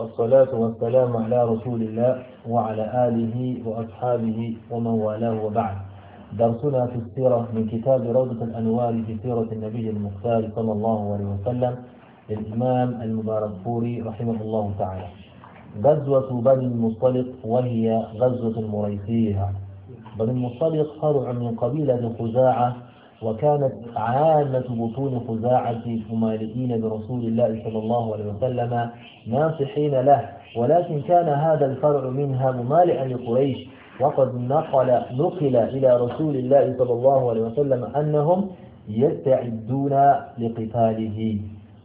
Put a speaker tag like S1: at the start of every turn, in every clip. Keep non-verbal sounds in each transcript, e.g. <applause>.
S1: والصلاة والسلام على رسول الله وعلى آله وأصحابه ومن والاه وبعد درسنا في السيرة من كتاب روضة الأنوار في سيرة النبي المختار صلى الله عليه وسلم للإمام المبارك فوري رحمه الله تعالى غزوة بني المصطلق وهي غزوة المريسية بني المصطلق فرع من قبيلة خزاعة وكانت عامة بطون خزاعة ممالئين برسول الله صلى الله عليه وسلم ناصحين له ولكن كان هذا الفرع منها ممالئا لقريش وقد نقل نقل إلى رسول الله صلى الله عليه وسلم أنهم يستعدون لقتاله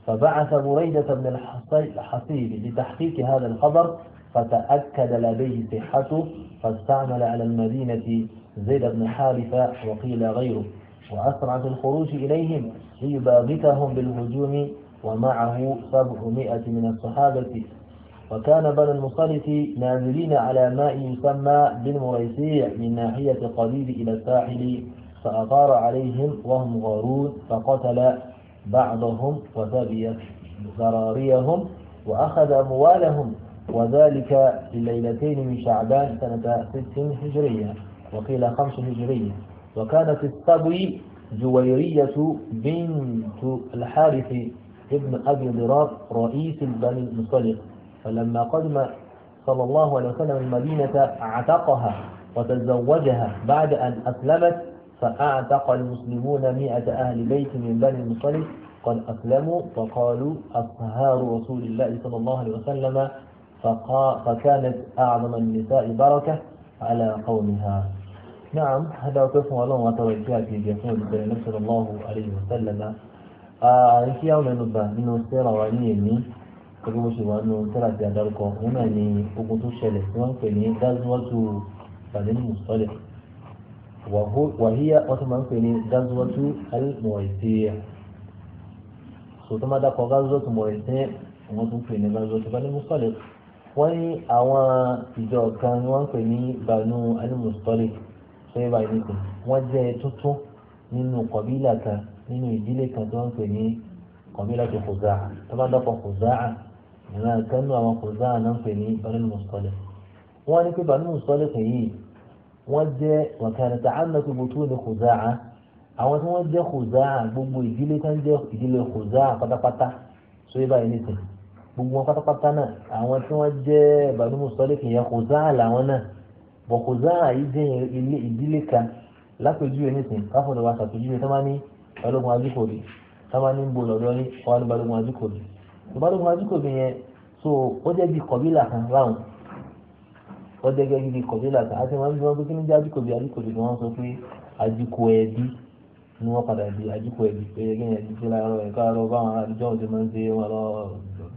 S1: فبعث بريدة بن الحصيب لتحقيق هذا الخبر فتأكد لديه صحته فاستعمل على المدينة زيد بن حارثة وقيل غيره وأسرع في الخروج إليهم ليباغتهم بالهجوم ومعه سبعمائة من الصحابة وكان بنو المصطلق نازلين على ماء يسمى بالمريسيع من ناحية القليل إلى الساحل فأطار عليهم وهم غارون فقتل بعضهم وذبي ذراريهم وأخذ أموالهم وذلك في الليلتين من شعبان سنة ست هجرية وقيل خمس هجرية وكانت الصبي جويرية بنت الحارث ابن أبي ضرار رئيس بني المصطلق فلما قدم صلى الله عليه وسلم المدينة اعتقها وتزوجها بعد أن أسلمت فأعتق المسلمون مئة أهل بيت من بني المصطلق قد أسلموا فقالوا أصهار رسول الله صلى الله عليه وسلم فكانت أعظم النساء بركة على قومها náà adáwọ̀pẹ́ fún ọlọ́run àtàwọn ìṣẹ́ àti ìjẹ fún olùbẹ̀rẹ̀ lọ́sọ̀rọ̀ lọ́hùn àríyìn sẹ́lẹ̀lá àríkí àwọn ẹnubà nínú sẹ́ra wa ní èmi gẹ́gẹ́ bó ṣe wà nínú sẹ́ra àti àdárúkọ òun náà ni ogun tó ṣẹlẹ̀ tí wọ́n ń pè ní gazuwatu balẹ̀ mùsọ̀lẹ̀ wàhíyá wọ́n ti máa ń pè ní gazuwatu almuwaisiya sòtọ́ má dákọ̀ gazuwatu muwaisiya wọ́n tún pè ní gazuwatu balẹ̀ mùsọ̀lẹ̀ wọ́n ní àwọn ìjọ kan ni wọ́n ń pè ní banu alimusọ́lẹ̀ sọ́yẹ́ báyìí nìkan wọ́n jẹ́ ẹ tuntun nínú kọ̀bílà kan nínú ìdílé kan tó ń pè ní kọ̀bílà tó Khuza'a tó bá dọ́kọ̀ Khuza'a ìran kan nínú àwọn Khuza'a náà ń pè ní Banu Mustaliq wọ́n ní pé Banu Mustaliq yìí wọ́n jẹ́ wàkàrẹ̀tà ánàkú butun Khuza'a àwọn tí wọ́n jẹ́ Khuza'a gbogbo ìdílé kan jẹ́ ìdílé Khuza'a pátápátá sọ́yẹ́ báyìí nìkan gbogbo wọn pátápátá náà àwọn tí wọ́n jẹ́ Banu Mustaliq yẹn Khuza'a làwọn náà bọ̀kùzá yìí jẹ́ ilé ìdílé kan lápèjúwe nísìn káfọ́dọ̀ wa ṣàpèjúwe tá máa ní balógun ajíkòrè tá máa ní ń bo lọ́dọ́ ní ọwọ́ ní balógun ajíkòrè balógun ajíkòrè yẹn so ó jẹ́ bí kọ̀bílà kan ráhùn ó jẹ́ gẹ́gẹ́ bí kọ̀bílà kan àti wọn bí wọn pé kí ní jẹ́ ajíkòrè ajíkòrè ni wọ́n sọ pé ajíkò ẹbí ni wọ́n padà di ajíkò ẹbí pé kí ni ẹbí láàárọ̀ ẹ̀ka àárọ̀ báwọn àdìjọ́ ọ̀dẹ́ máa ń ṣe wọn lọ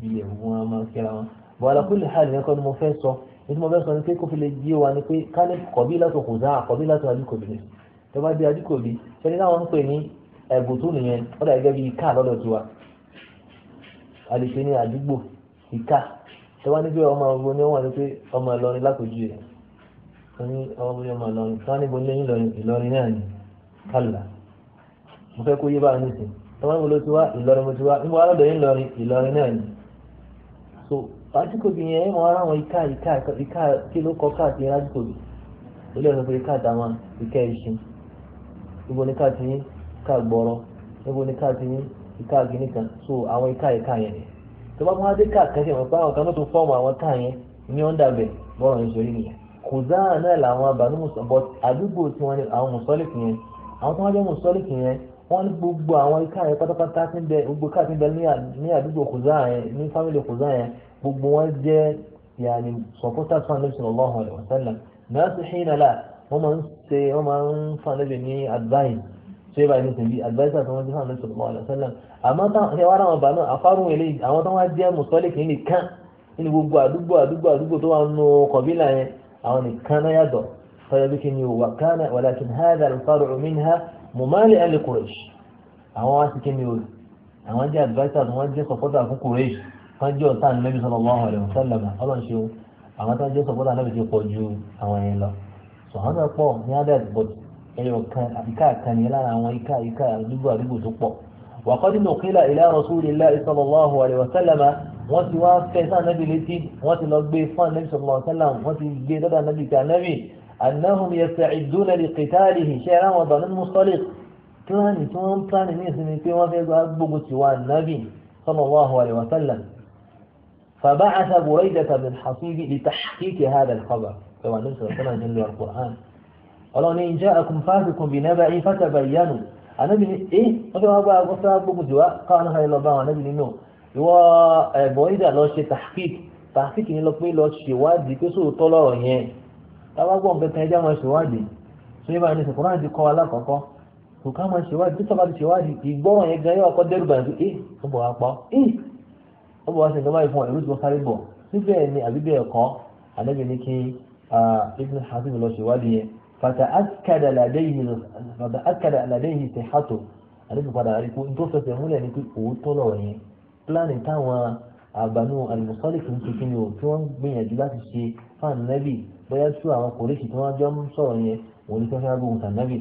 S1: bí ẹ̀wù wọn máa ń kíra wọn bọ̀ nítorí mo fẹ́ sọ ni pé kó fi lè yé wa ni pé kálí kọ̀bí látò kò dáa kọ̀bí látò ni tó bá dé adíkòbí ṣẹni táwọn ń pè ní ẹ̀bùn tó nìyẹn ó dà gẹ́gẹ́ bíi ká lọ́dọ̀ tiwa a lè ṣe ní àdúgbò ìka tó bá ní pé ọmọ ọgbọ́n ni wọ́n ní pé ọmọ Ìlọrin lápòjú ẹ̀ wọ́n ní ọmọ ọmọ Ìlọrin tó wá níbo ní Ìlọrin náà ni kálá mo fẹ́ kó yé báyìí nìsín tó wá níbo lásìkò bì yẹn mọ ara àwọn ìka ìka ìka kí ló kọ káàkiri lásìkò bì ó lè sọ pé ìka àtàmà ìka ìṣin níbo ni káàtì yín ìka gbọrọ níbo ni káàtì ìka so àwọn ìka ìka yẹn ni tó bá máa dé káàkiri àwọn ìpá àwọn kan tó tún fọ́ọ̀mù àwọn ká yẹn ní ọ̀ndàbẹ̀ bọ́ọ̀rọ̀ nìyẹn kò náà làwọn mùsọ̀ but àdúgbò wọ́n ní gbogbo àwọn iká yẹn pátápátá tí ń bẹ gbogbo ká tí ń bẹ ní àdúgbò kùzá yẹn ní fámìlì kùzá yẹn gbogbo wọn jẹ́ yàní supporters fún anabi sallallahu alayhi wa sallam nasihina la wọ́n máa ń ṣe wọ́n máa ń fún anabi ní advice ṣé báyìí ní sèbi advice àti wọ́n ti fún anabi sallallahu alayhi wa sallam àmọ́ táwọn ẹwà àwọn bàánú àfárùn eléyìí àwọn táwọn jẹ́ mùsọ́lìkì nìkan nínú gbogbo àdúgbò àdúgbò àdúgbò tó wà nù kọ̀bílà yẹn àwọn nìkan náà yàtọ̀ fẹ́rẹ́ bí kí ni wà kánà wàlákin hádà al-far'u mọ̀málì ẹ̀lẹ́ kùrẹ́ṣì àwọn wá sí kémi olù àwọn jẹ́ advisers wọ́n jẹ́ sọ̀pọ́tà fún kùrẹ́ṣì wọ́n jẹ́ ọ̀tá ànábì sallallahu alaihi wasallam ọlọ́ọ̀ṣẹ́ àwọn tó ń jẹ́ sọ̀pọ́tà ànábì ti pọ̀ ju àwọn yẹn lọ sọ̀hánà pọ̀ ní adad but ẹyọ kan ìka kan ní lára àwọn ìka ìka àdúgbò àdúgbò tó pọ̀ وقد نقل إلى رسول الله صلى الله عليه وسلم wọ́n ti wá fẹ́ sáà nábì létí wọ́n ti lọ gbé fún ànábì sallallahu alaihi wasallam wọ́n ti gbé dọ́dà nábì ká nábì annahum yasta'iduna li qitalihi ṣe ara wọn bàánú mustalik pílánì tí wọ́n ń pílánì ní ìsinmi pé wọ́n fẹ́ gbógun ti wà nábì sallallahu alaihi wa sallam فبعث بريدة بن حصيب لتحقيق هذا الخبر كما نسأل الله جل القرآن ọlọ́run ní jẹ́ akùnfàásìkùn bí nẹ́bà yìí fàtàbàyánu anábì ní ẹ́ wọ́n fẹ́ wọ́n bá agbọ́sá gbogbo jùwá káwọn náà lọ bá wọn anábì nínú ìwọ ẹ̀bọ̀ ìdà lọ ṣe tàkìk tàkìk ni lọ pé lọ ṣèwádìí pé sóòótọ́ lọ́rọ̀ yẹn táwa gbọ́ nǹkan kan ẹja máa ṣèwádìí tó yẹ bá ní sọ̀kúrọ̀ àti kọ́ alákọ̀ọ́kọ́ kò ká máa ṣèwádìí tó tọ́ba ti ṣèwádìí ìgbọ́ràn yẹn gan yóò kọ́ dẹ́rù bàtú ẹ ó bọ̀ wá pọ̀ ẹ ó bọ̀ wá sí nǹkan báyìí fún ẹ̀rú tí wọ́n sáré bọ̀ síbẹ̀ ni àbí bẹ́ẹ̀ kọ́ àlẹ́bí ni kí ibn hasim lọ ṣèwádìí yẹn fata akada aladẹ́yìn ti hàtó àlẹ́bí padà rí pé tó fẹsẹ̀ múlẹ̀ ni pé òótọ́ lọ̀rọ̀ yẹn pílánì táwọn àbánú fànẹ́bì bóyá sùn àwọn kòrìṣì tí wọ́n jọ ń sọ̀rọ̀ yẹn wọ́n ní kí wọ́n fẹ́ gbóhùn fànẹ́bì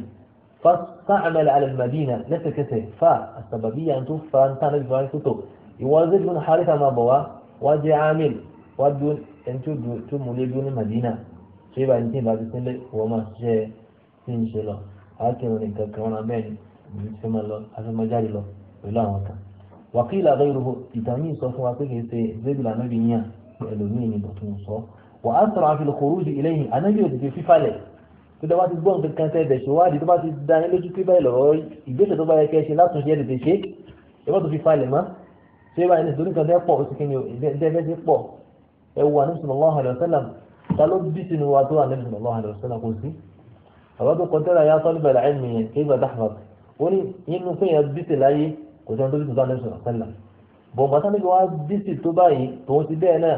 S1: فاستعمل على المدينة لسكته فالسببية أن توفى أن تانا بفرانك كتب يوازد من حارثة ما بوا واجي عامل ودون أن تمولي دون المدينة شيء بعد انتين بعد سنة وما شيء سنة شلو هكذا من انك كمان عمين بسم الله هذا مجال له ولا وكا وقيل غيره يتامين صفوا كيف زيد لنا بنيا بألومين بطنصه wà á sọ̀rọ̀ àfi lòkòrúdì ìlẹ́yìn anábì ò tètè fífalẹ̀ tó dábàá ti gbọ́ nǹkan kan tẹ́ ẹ̀dẹ̀ ṣèwádìí tó bá ti da ní lójú pé báyìí lọ́rọ̀ ìgbésẹ̀ tó bá yẹ kẹ́ ṣe látúnṣe ẹ̀dẹ̀ ṣe é wọ́n tó fi falẹ̀ mọ́ ṣé báyìí ní ìdórí kan tẹ́ pọ̀ oṣù kìíní ìdẹ́gbẹ́ ti pọ̀ ẹ wo àníbi sallallahu alaihi wasallam ta ló bí sínú wa tó àníbi sallallahu alaihi wasallam kò sí. àbá tó kọ tẹ́lẹ̀ yàtọ̀ níbẹ̀ láì mi yẹn kí ìgbà dáhùn ó ní inú pé yẹn bí sí láyé kò sí ẹni tó sallallahu alaihi wasallam bọ̀ǹgbà tánibí wa bí sí tó báyìí tòun ti bẹ́ẹ̀ náà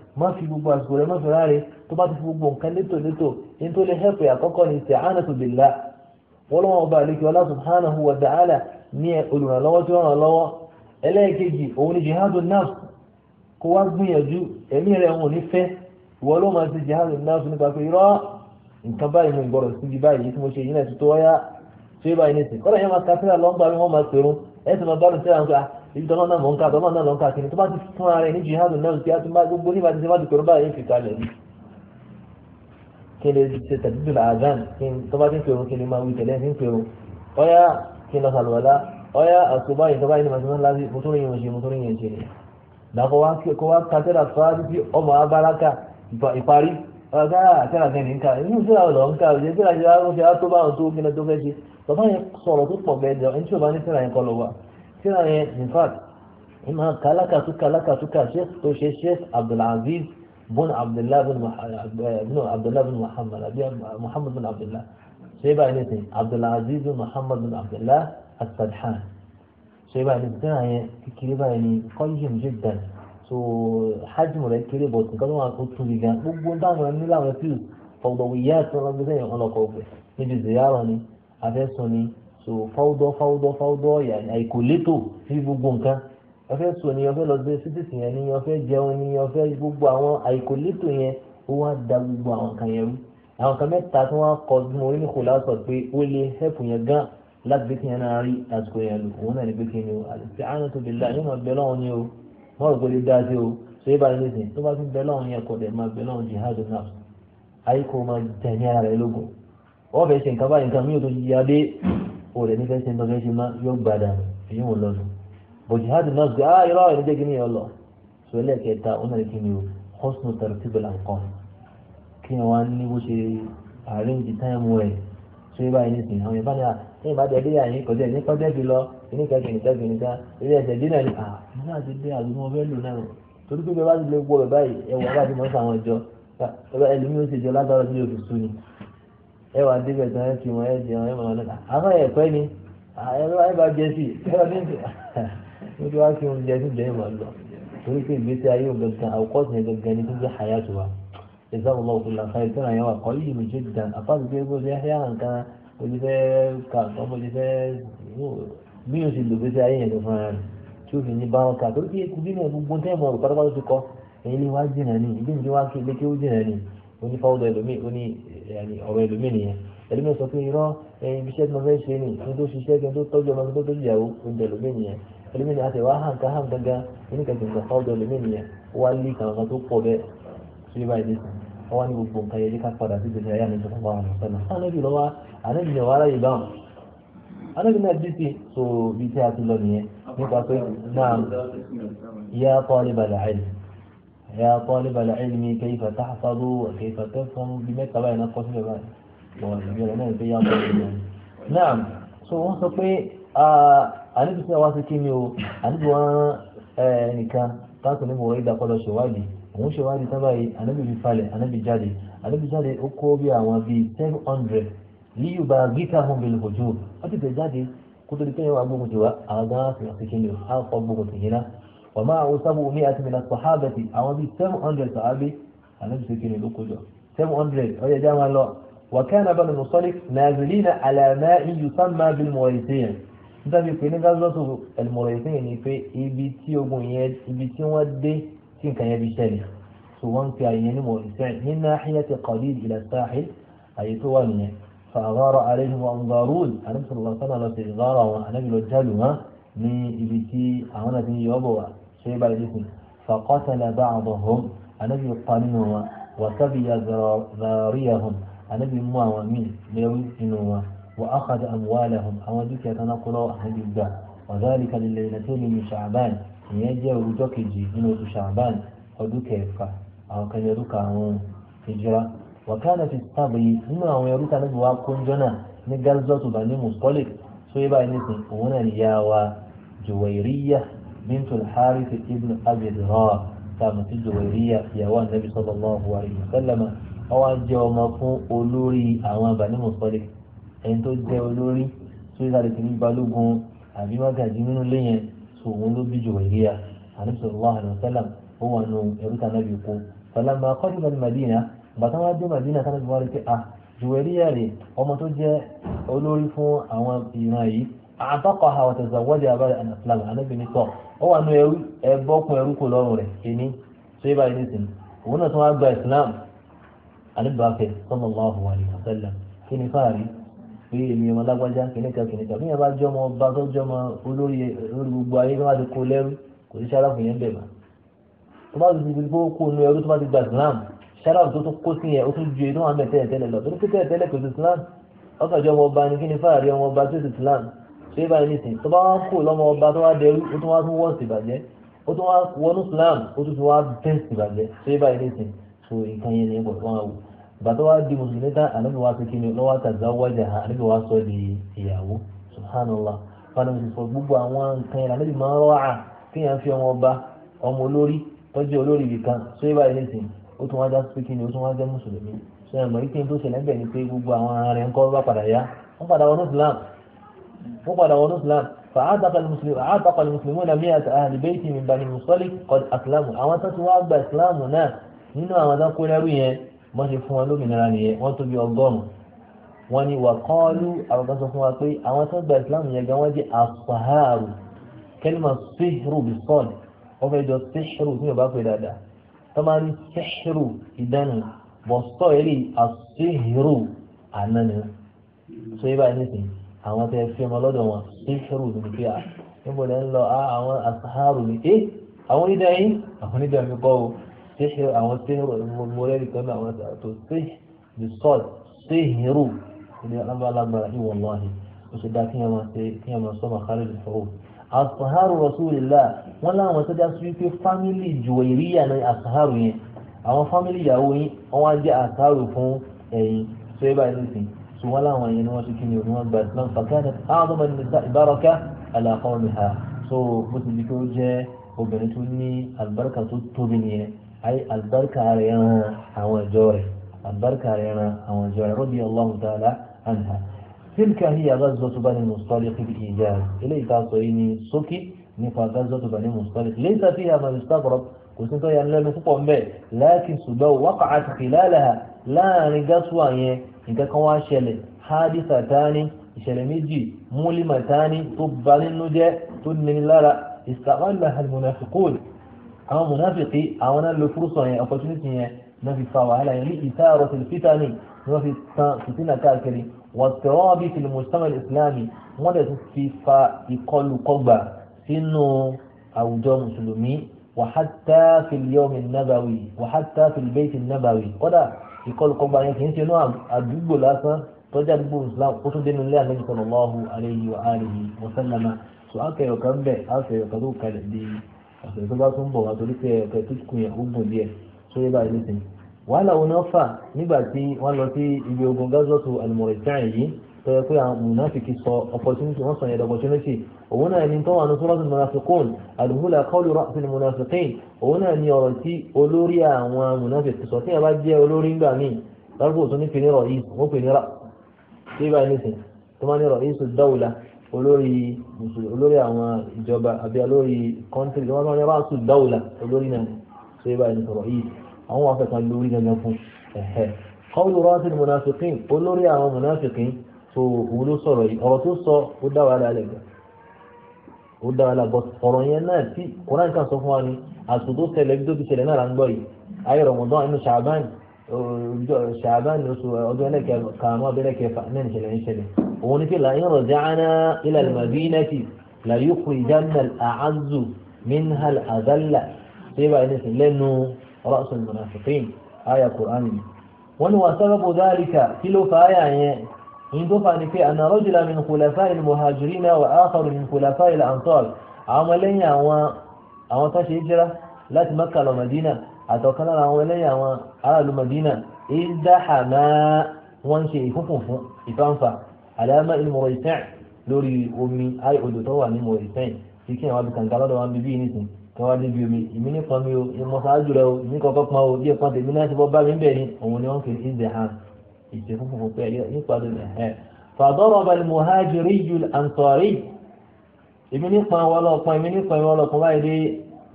S1: má fi gbogbo àsìkò rẹ má fi ráre tó bá ti fi gbogbo nǹkan létò létò ní tó lè hẹ́pẹ̀ àkọ́kọ́ ní isti'anatu billah wọ́n lọ́wọ́ ọba àlekí ọlá subhanahu wa ta'ala ní olùrànlọ́wọ́ tí wọ́n ràn lọ́wọ́ ẹlẹ́ẹ̀kejì òun ni jihadu nafs kó wá gbìyànjú ẹ̀mí rẹ̀ òun ò ní fẹ́ wọ́n ló máa ti jihadu nafs nípa pé irọ́ nǹkan báyìí mo gbọ́dọ̀ síbi báyìí tí mo ṣe yìí náà ti tó wáyà tí ó báyìí ní ìsìn yẹn máa kásílà lọ́ngbà ibi tọ́lọ́ náà mọ̀ ń ká tọ́lọ́ náà lọ́ ń ká kiri tó bá ti fún ara ẹ̀ ní jihadu náà ti àti gbogbo nígbà tí sèwádìí kò bá yẹn fi kalẹ̀ ni. kí ni ṣe tẹ̀síbí làágán kí ni tó bá ti ń pèrò kí ni máa wí tẹ̀lé ti ń pèrò ọ̀yá kí ni ọ̀sàlùwọ̀lá ọ̀yá àtúbá yìí tó bá yẹn ní màtúmọ̀ láti mo tó rí yẹn ṣe mo tó rí yẹn ṣe ni. làkọ̀ wá kó wá ka tẹ́lá fáájú sí ọmọ abáraka ìparí tíra yẹn in fact ìmọ̀ kàlákàtúkà lákàtúkà sheikh tó ṣe sheikh abdulaziz bun eh, abdullah bin muhammad àbí muhammad bin abdullah ṣé báyìí ní sìn abdulaziz bin muhammad bin abdullah as-sadhan ṣé báyìí ní tíra yẹn kékeré báyìí ní kọ́yìn jìdàn so hajj rẹ kéré bọ̀ nǹkan tó máa tún yìí gan gbogbo dáhùn ẹni láwọn ẹtí fọwọ́dọ̀wọ̀ ìyá ẹ̀sán ọlọ́gbẹ́sẹ̀ yẹn ọlọ́kọ̀ ọ̀gbẹ́ níbi ziyara ni afẹ́sùn ni so fáwọ́dọ́ fáwọ́dọ́ fáwọ́dọ́ àìkò létò sí gbogbo nǹkan ọfẹ́ sọ ni ọfẹ́ lọ sí sísìsì yẹn ni ọfẹ́ jẹun ni ọfẹ́ gbogbo àwọn àìkò létò yẹn ó wá da gbogbo àwọn nǹkan yẹn rú àwọn kan mẹ́ta tí wọ́n kọ sí mo rí ní kò lásọ̀ pé ó lè hẹ́pù yẹn gan láti gbé kíyẹn náà rí àsìkò yẹn lò òun náà ní pé kíyẹn o àti àánú tó bẹ̀ láàyè máa bẹ̀ lọ́wọ́ ni o wọ́n rò pé lè dá sí o ṣé é bá lè sìn tó bá ti bẹ̀ lọ́wọ́ yẹn kọ̀ dẹ̀ máa bẹ̀ lọ́wọ́ jihad náà ayé kò máa tẹ̀lé ara rẹ̀ lógun wọ́n fẹ́ ṣe nǹkan báyìí nǹkan mí tó yíyá dé òòrè ní fẹsẹ̀ ńlọ fẹsẹ̀ má yóò gbàdà èyí wọn lọ́nu bọ̀jì hádùn náà gbé ah irọ́ ẹni jẹ́ kí ni yọ lọ sọ ẹlẹ́kẹta ó nàlẹ́ kí ni o hosnu tartibul nǹkan kí ni wọ́n ní bó ṣe àríǹjì táìmù rẹ̀ ṣé báyìí nísìnyí àwọn ìbáni à ẹ̀yìn bá dẹ̀ẹ́dẹ́ yà yín kọjá ẹ̀yìn kọjá fi lọ ẹ̀yìn kẹkẹ nìkan kẹ nìkan ẹ̀yìn ẹ̀sẹ̀ dínà ni à mo náà ti dé àdúgbò fẹ́ lò náà torí pé bẹ́ẹ̀ bá ti lè gbọ́ bẹ́ẹ̀ báyìí ẹ̀wọ̀n bá ti mọ́ sí àwọn ìjọ ẹ̀lùmí ó ti jọ lágbára sí òfìsú ni ẹ wà débẹ̀ tán ẹ fi wọn ẹ jẹun ẹ màmá náà àmọ́ ẹ pẹ́ ni ẹ bá jẹ sí ẹ bá jẹ sí <laughs> mo ti wá fi wọn jẹ sí bẹ́ẹ̀ mọ̀ lọ torí pé ìgbésí ayé ò gangan àwòkọ́ sì yẹn gangan ní fífi àyà tó wa ìsá wọn lọ òkú làǹkà ìtàn àyẹ̀wò àkọ́lé ìlú jẹ́ dàn àfáàbí pé bó ṣe yá nǹkan olùfẹ́ kà nǹkan bó ṣe fẹ́ bí o sì lò ayé yẹn tó fúnra rẹ̀ tí o fi ní báwọn kà torí pé kùbí gbogbo tẹ́ mọ̀ òkú pátápátá ti kọ́ ẹ̀yin ni wàá jìnà ní ìdí nìyí wàá kí ilé kí ó jìnà ní onífọ́wọ́dọ̀ ẹlòmíì oní ọ̀rọ̀ ẹlòmíì nìyẹn ẹlòmíì sọ pé irọ́ ibi iṣẹ́ tí mo fẹ́ ṣe ni kí n tó ṣiṣẹ́ kí n tó tọ́jú ọmọ kí n tó tọ́jú ìyàwó oúnjẹ ẹlòmíì nìyẹn ẹlòmíì ni a ti wá hàn ká hàn gángan oníkàtí nǹkan fọ́wọ́dọ̀ ẹlòmíì nìyẹn wá lé kàǹkan tó pọ̀ bẹ́ẹ̀ sí ibà ìdí ọwọ́ ní gbogbo nǹkan yẹn ká padà sí ìgbésẹ̀ ayé àlejò fún wa ọ̀sán يا طالب العلم كيف تحفظ وكيف تفهم بمتى بقى نقص بقى نعم so wọ́n sọ pé àníbi sí àwọn akékin ni o àníbi wọn nìkan táàkì ní mọ̀rọ̀ ìdàkọ́lọ̀ ṣèwádìí òun ṣèwádìí sábà yìí àníbi fi falẹ̀ àníbi jáde àníbi jáde ó kó bí àwọn bíi seven hundred líyù bá gíga hàn bí lòkòjú ó ti tẹ̀ jáde kó tó di pé wàá gbógun tì wá àwọn gan-an fi hàn sí kí ni o á kọ́ gbógun tì yín náà ọ̀má àwọn sábò ní àtìmílà sọ̀hábẹ̀tì àwọn bíi seven hundred sàábé ànábì ṣe kiri ló kójọ seven hundred ọ̀yẹ̀ jẹ́ máa lọ wàkẹ́ nàbà nínú sọ́lík nàìjíríà àlàmà iyù sánmà bíi mọ̀rẹ́sẹ̀yìn nígbà bíi pé nígbà lọ́sọ̀ ẹ̀lmọ̀rẹ́sẹ̀yìn ni pé ibi tí ogun yẹn ibi tí wọ́n dé tí nǹkan yẹn bí ṣẹlẹ̀ so wọ́n fi àyè ní mọ̀rẹ́sẹ̀yìn ní náà qalil فأغار عليهم وأنظارون النبي صلى الله عليه وسلم لو تغار ní ibi tí àwọn àti yọ bọ̀ wá ṣé báyìí lẹ́sìn fàkọ́tẹ̀lẹ̀ bá àwọn ọ̀hún ànábì pa nínú wọn wàtàbí ya zàríyà hùn ànábì mú àwọn míì lẹ́rú nínú wọn wà á kàdé àmúwálẹ̀ hùn àwọn dúkìá tán kúlọ̀ ànábì gbà ọ̀dàlì kalilẹ̀ ìlẹ̀tẹ́ mi ní ṣàbán ìyẹn jẹ́ òrùjọ́ kejì nínú oṣù ṣàbán ọdún kẹfà àwọn kan yẹrù kàrún hijira wàkàlà ti sábà nínú àwọn yẹrù kan níbi wàá kóńjọ́ náà ní galzọ́tù bani mùsùlùmí tó yẹ báyìí nísìnyí òun náà ní yá wa jùwẹ̀ríyà بنت الحارث ابن أبي ذراع كانت الجويرية يا النبي صلى الله عليه وسلم أو أجوا مفهوم أولوري أو بني مصطلق ẹni tó jẹ́ olórí tó yẹ kí ní balógun àbí mágàjì nínú ilé yẹn sòun ló bí Juwayriya àní sallallahu alaihi wasallam ó wà nù ẹrú kan náà bí kú falamma qadiba al-Madina bàtà wá dé Madina kan náà bí wọ́n rí pé à Juwayriya rè ọmọ tó jẹ́ olórí fún àwọn ìran yìí a'taqaha wa tazawwaja ba'da an aslama ànábì ní sọ̀rọ̀ ó wà nù ẹrú ẹbọkùn ẹrú kò lọ́rùn rẹ̀ kíní tó yẹ báyìí nísìnyí òun náà tó wá gba islam alibafẹ sallallahu alaihi wasallam kíní fáàrí pé èmi ọmọ lágbájá kìnìkan kìnìkan bí yẹn bá jọmọ ọba tó jọmọ olórí olórí gbogbo ayé tó bá ti kó lẹ́rú kò sí sáráàfù yẹn bẹ̀ mọ́ tó bá ti di gbogbo kó nu ẹrú tó bá ti gba islam sáráàfù tó tún kó sí yẹn ó tún ju èyí tó wà mẹ́tẹ́ẹ̀tẹ́lẹ̀ lọ torí pé tẹ́ẹ̀tẹ́lẹ̀ kò sí islam ọkàn jọmọ ọba ni kíní fáàrí ọmọ ọba tó sí islam ṣé báyìí nìsín tó bá wá kú lọ́mọ ọba tó wá dẹrú ó tún wá tún wọ́ọ̀sì ìbàjẹ́ ó tún wá wọnú Islam ó tún wá bẹ́ẹ̀sì ìbàjẹ́ ṣé báyìí nìsín so nǹkan yẹn ní gbọ̀dọ̀ wọn wò bàtà wá di mùsùlùmí tá ànábì wá sí kíni lọ́wọ́ àtàzá wájà ha ànábì wá sọ di ìyàwó subhanallah fana mi sọ gbogbo àwọn nǹkan yẹn ànábì máa ń rọ́ à kéèyàn fi ọmọ ọba ọmọ olórí tọ́jú olórí ibìkan ṣé báyìí nìsín ó tún wá já sí kíni ó tún wá jẹ́ mùsùlùmí ṣé àmọ́ ìkéyìn tó Islam فقد ونو اسلام فعاتق المسلم عاتق المسلمون 100 اهل بيت من بني المصطلق قد اسلموا او تتوا اب اسلامنا nínú àwọn dákó lẹ́rú yẹn wọ́n ti fún wọn lómìnira nìyẹn wọ́n tó bí ọgọ́rùn-ún wọ́n ni wà kọ́ọ́lù àwọn kan sọ fún wa pé àwọn tó gba islam yẹn gan wọ́n jẹ́ àfàhàrù kẹ́lìmọ̀ síhìrù bí sọ́ọ̀d wọ́n fẹ́ jọ síhìrù tí yóò bá pè dáadáa tó máa ń síhìrù ìdánù bọ̀ sọ́ọ̀lì àsíhìrù ànánì tó yẹ báyìí nísìnyí àwọn tẹ́ fi ọmọ lọ́dọ̀ wọn ṣíṣẹ́rù ní pé à níbo lẹ́ ń lọ àwọn àṣàárù ní ẹ́ àwọn onídà yín àwọn onídà mi kọ́ o ṣíṣẹ́rù àwọn ṣíṣẹ́rù mo rẹ́rì kan náà àwọn àtò ṣíṣẹ́rù ní alábàlágbára ìwọ̀n lọ́hì ó ṣe dá kíyàn máa ṣe kíyàn máa sọ́mà kárí lè fọ́ àṣàárù rasulillah wọn láwọn tó dá sí wípé fámìlì jùwèríyà ní àṣàárù yẹn àwọn fámìlì ìyàwó yín wọn wá jẹ àṣàárù fún ẹ̀yin tó báyìí nísìnyí سوالا وين وشكين يوم بس فكانت أعظم النساء بركة على قومها سو مثل بكوجة وبنتوني البركة تطبني أي البركة علينا أو جوري البركة علينا أو جوري رضي الله تعالى عنها تلك هي غزوة بني المصطلق بالإيجاز إليه تعطيني سكي نفا غزوة بني المصطلق ليس فيها ما يستغرب kòsí tó yà lẹ́nu púpọ̀ ń bẹ̀ láàkì ṣùgbọ́n wákàtí kìlálẹ̀ nǹkan kan wá ṣẹlẹ̀ hádìsà tání ìṣẹ̀lẹ̀ méjì múlímà tání tó ba nínú jẹ́ tó níní lára ìsàmàlà almunafikun àwọn munafiki àwọn náà lo fúrúsọ yẹn opportunity yẹn náà fi fa wàhálà yẹn ní ìsáàrọ̀ tìlfítàní ni wọ́n fi tan fìtínà káàkiri wàtẹ́rọ́bì fi mùsùlùmí ìsìláàmì wọ́n dẹ̀ tún fi fa ìkọlùkọgbà àwùjọ mùsùlùmí wàhátà fìlíọ́mì nàbàwì wàhátà fìlíbẹ́ẹ̀tì nàbàwì kódà ìkọlùkọgba yẹn kì í ṣe inú àdúgbò lásán tọ́jà àdúgbò islam kó tó dénú ilé àlejò sallallahu alayhi wa alihi wa sallama tó àkẹyọ̀ kan bẹ̀ àfẹyọ̀ kan tó kalẹ̀ di ọ̀sẹ̀ tó bá tún bọ̀ wá torí pé ẹ̀kẹ́ tó kù yẹn ó gùn díẹ̀ tó yẹ báyìí nísìnyí wàhálà òun náà fà nígbà tí wọ́n lọ sí ibi ogun gazọ́tù al-Mauritania yìí tó yẹ pé àwọn munafiki sọ opportunity wọn sọ yẹn opportunity òun náà ni tó wà ní suratul munafiqun alhula qawlu ra'sil munafiqin òun náà ni ọ̀rọ̀ tí olórí àwọn munafiki sọ tí yẹn bá jẹ́ olórí ńgbà míì lárúkọ tó ní pè ní ra'is wọ́n pè ní ra tí bá ní sìn tó máa ní ra'isu dawla olórí olórí àwọn ìjọba àbí olórí kọ́ńtírì tó náà tí bá so òun ló sọ̀rọ̀ yìí ọ̀rọ̀ tó sọ ó dá wàhálà alẹ́ gbà ó dá wàhálà gbọ́ ọ̀rọ̀ yẹn náà tí koran kan sọ fún wa ni àsùn tó tẹ̀lé tó fi ṣẹlẹ̀ náà là ń gbọ́ yìí ayé rọ̀mọ̀dán inú ṣàbán ṣàbán oṣù ọdún ẹlẹ́kẹ̀ kàánú abẹ́rẹ́kẹ̀ fà náà nìṣẹ̀lẹ̀ nìṣẹ̀lẹ̀ òun ni pé làyín rọ̀jáná ilẹ̀ madinati la yukhrijanna al ni wọ́n ni wà sábàbù kí ló fà áyà yẹn ní tó fa ni pé àná rọ́jùlá min kùlẹ̀fà ìlú muhajirina wà áàkọ̀rù min kùlẹ̀fà ìlú ansọ́l àwọn lẹ́yìn àwọn tó ṣe hijira láti Makka lọ Madina àtọ̀kan lára àwọn lẹ́yìn àwọn aráàlú Madina ìdáhàmá wọ́n ṣe ìfúnfùnfún ìfáǹfà àdámá ìlú mọ̀rẹ́tẹ́ lórí omi ayé odò tó wà ní mọ̀rẹ́tẹ́ tí kí àwọn abìkàǹkà lọ́dọ̀ wọn bíbí nìsín kọ́wá níbi omi ìmí nìkan mi o ìmọ̀sáájú rẹ o ìmí kọ̀ọ̀kan kan o bí ẹ̀kan tèmi náà ti bọ́ bá mi bẹ̀ ni òun ni wọ́n kì í ṣe ìdẹ̀hàn الجنوب فضرب المهاجري الأنصاري إبن إقمى ولا طيب إبن إقمى ولا طيب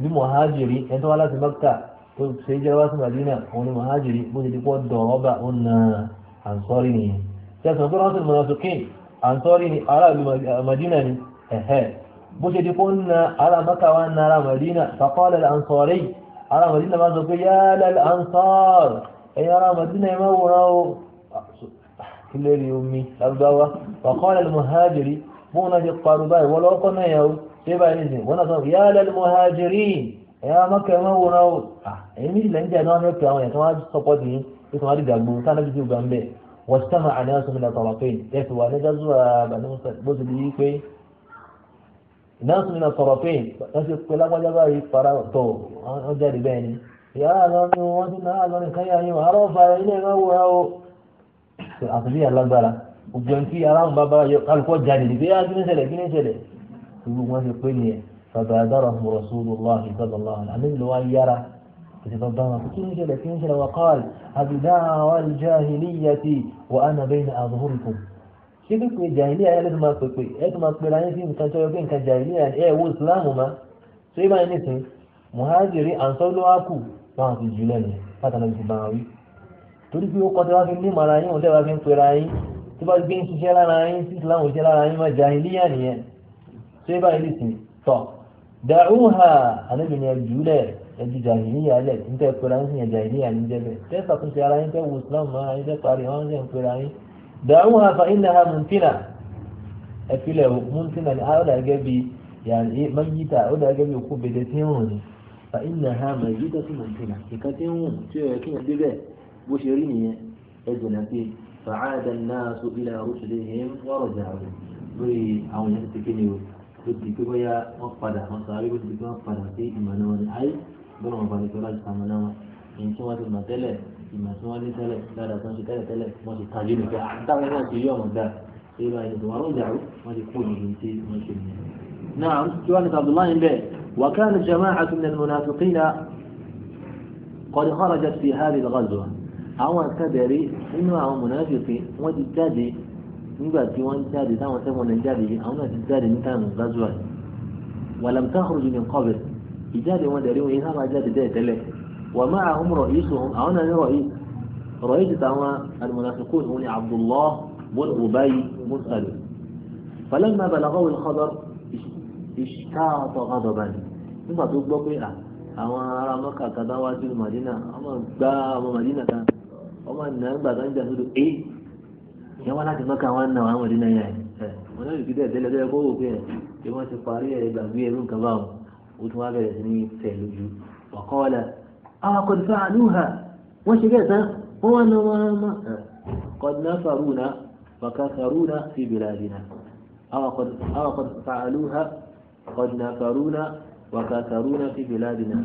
S1: بمهاجري أنت ولا في مكة قلت سيد مدينة هون مهاجري بني لقوة ضرب أن أنصاري جلس نظر المنافقين أنصاري على مدينة إهاب بني لقوة على مكة وأن على مدينة فقال الأنصاري على مدينة ما زوجي يا للأنصار أي مدينة ما وراء kílẹ̀rì omi lárúbáwá wàkọ́lẹ̀ lùmọ̀hájìrì bóun náà ti parọ́ báyìí wọ́n lọ́kọ́ náà yà ó ṣé báyìí nìsín wọ́n náà sọ yà á lẹ́nu mọ̀hájìrì ẹ̀yà mọ́kẹ́ mọ́ wò náà ó ẹ̀yìn méjì lẹ́yìn jẹ́ náà mẹ́kẹ́ àwọn ẹ̀tọ́ wá sọpọ́ di ó tún wá di gàgbó táná bí ti gbà ń bẹ̀ wọ́n ti tẹ́mọ̀ àná sọmi náà tọ̀wọ̀ pé ẹ fi wà ní gazuwa bani musa bó di pé iná sọmi náà tọ̀wọ̀ pé wọ́n ti pé lágbájá báyìí fara tọ̀ wọ́n jáde bẹ́ẹ̀ ni ìyá àlọ́ ni wọ́n ti náà àlọ́ nìkan yà yín wọ́n arọ́ fara ilé ẹ̀ máa wù ẹ́ o àtúnṣe alágbára òjò tí aráàlú bá bá yọ kálukọ́ jáde níbi yá kíní ṣẹlẹ̀ kíní ṣẹlẹ̀ irú wọn ṣe pé nìyẹn fàbàdàrà rasulullah sallallahu alaihi wa yára كتب ضمك كنش لكنش وقال أبداع الجاهلية وأنا بين أظهركم شكك من الجاهلية يا لازم أكبر أكبر أكبر أنا في مكان توقين كجاهلية إيه وإسلام ما سيما ينسي مهاجري أنصر له أكو ما في الجلال فتنا الجماوي torí pé ó kọ́ tí fi ní màrà yín fi ń pera yín tí wọ́n gbé ń ṣiṣẹ́ lára yín sí islam òṣìṣẹ́ lára yín máa jà ilé yàn nìyẹn ṣé báyìí lè sìn tọ̀ dàrúhà ànábì ni ẹjù jà ilé yàn lẹ̀ ń tẹ́ pera yín sì yàn jà ilé yàn tẹ́ ara yín tẹ́ wo islam máa yín tẹ́ parí wọ́n ń pera yín dàrúhà fa ẹ filẹ̀ ni àwọn dàgẹ́ بشرينية إذن فيه فعاد الناس إلى رشدهم ورجعوا وي أو نتكني بدي مقبلة مصاري بدي مقبلة في إيمان وان أي برو مقبلة كلا جسامنا إن شو ما تلة إما شو تلة لا لا تنسي تلة تلة ما شو تاجين كي أحدا ما نسي يوم ده إيبا إذا ورجعوا ما شو كوني بنتي ما شو نعم شو عبد الله إنبه وكان جماعة من المنافقين قد خرجت في هذه الغزوة àwọn àkàdẹ̀rí nínú àwọn mọ̀nàfíìfì wọ́n ti jáde nígbà tí wọ́n jáde táwọn sẹ́wọ̀n náà jáde yìí àwọn náà ti jáde ní táwọn gbàzúwà wàlám táhùrù ní kọ́bẹ̀ ìjáde wọn dẹ̀rí wọn yìí sábà jáde bẹ́ẹ̀ tẹ́lẹ̀ wà má àhùn rọ̀yì sùn àwọn náà ní rọ̀yì rọ̀yì ti táwọn almunafiqun òun ni abdullah bun ubayi bun salu falamma ọmọ nà ń gbàgbọ́n jà sódò é eh, ìyẹn wá láti mọ́kà wọn nà wọn òdì náà yẹn wọn náà lùkí dẹ̀ tẹ́lẹ̀ tẹ́lẹ̀ kó wò pé ẹ wọ́n ti parí ẹ̀ gbàgbé ẹ̀rú nǹkan báwọn ó tún wá bẹ̀rẹ̀ sí ní tẹ̀ lójú ọ̀kọ́ọ̀lẹ̀ àwọn kò fẹ́ àlùhà wọ́n ṣe bẹ́ẹ̀ tán wọ́n wá lọ wọn mọ́ kọ́dínà faruna fakafaruna fi biladina àwọn kò fẹ́ àlùhà kọ́dínà faruna fakafaruna fi biladina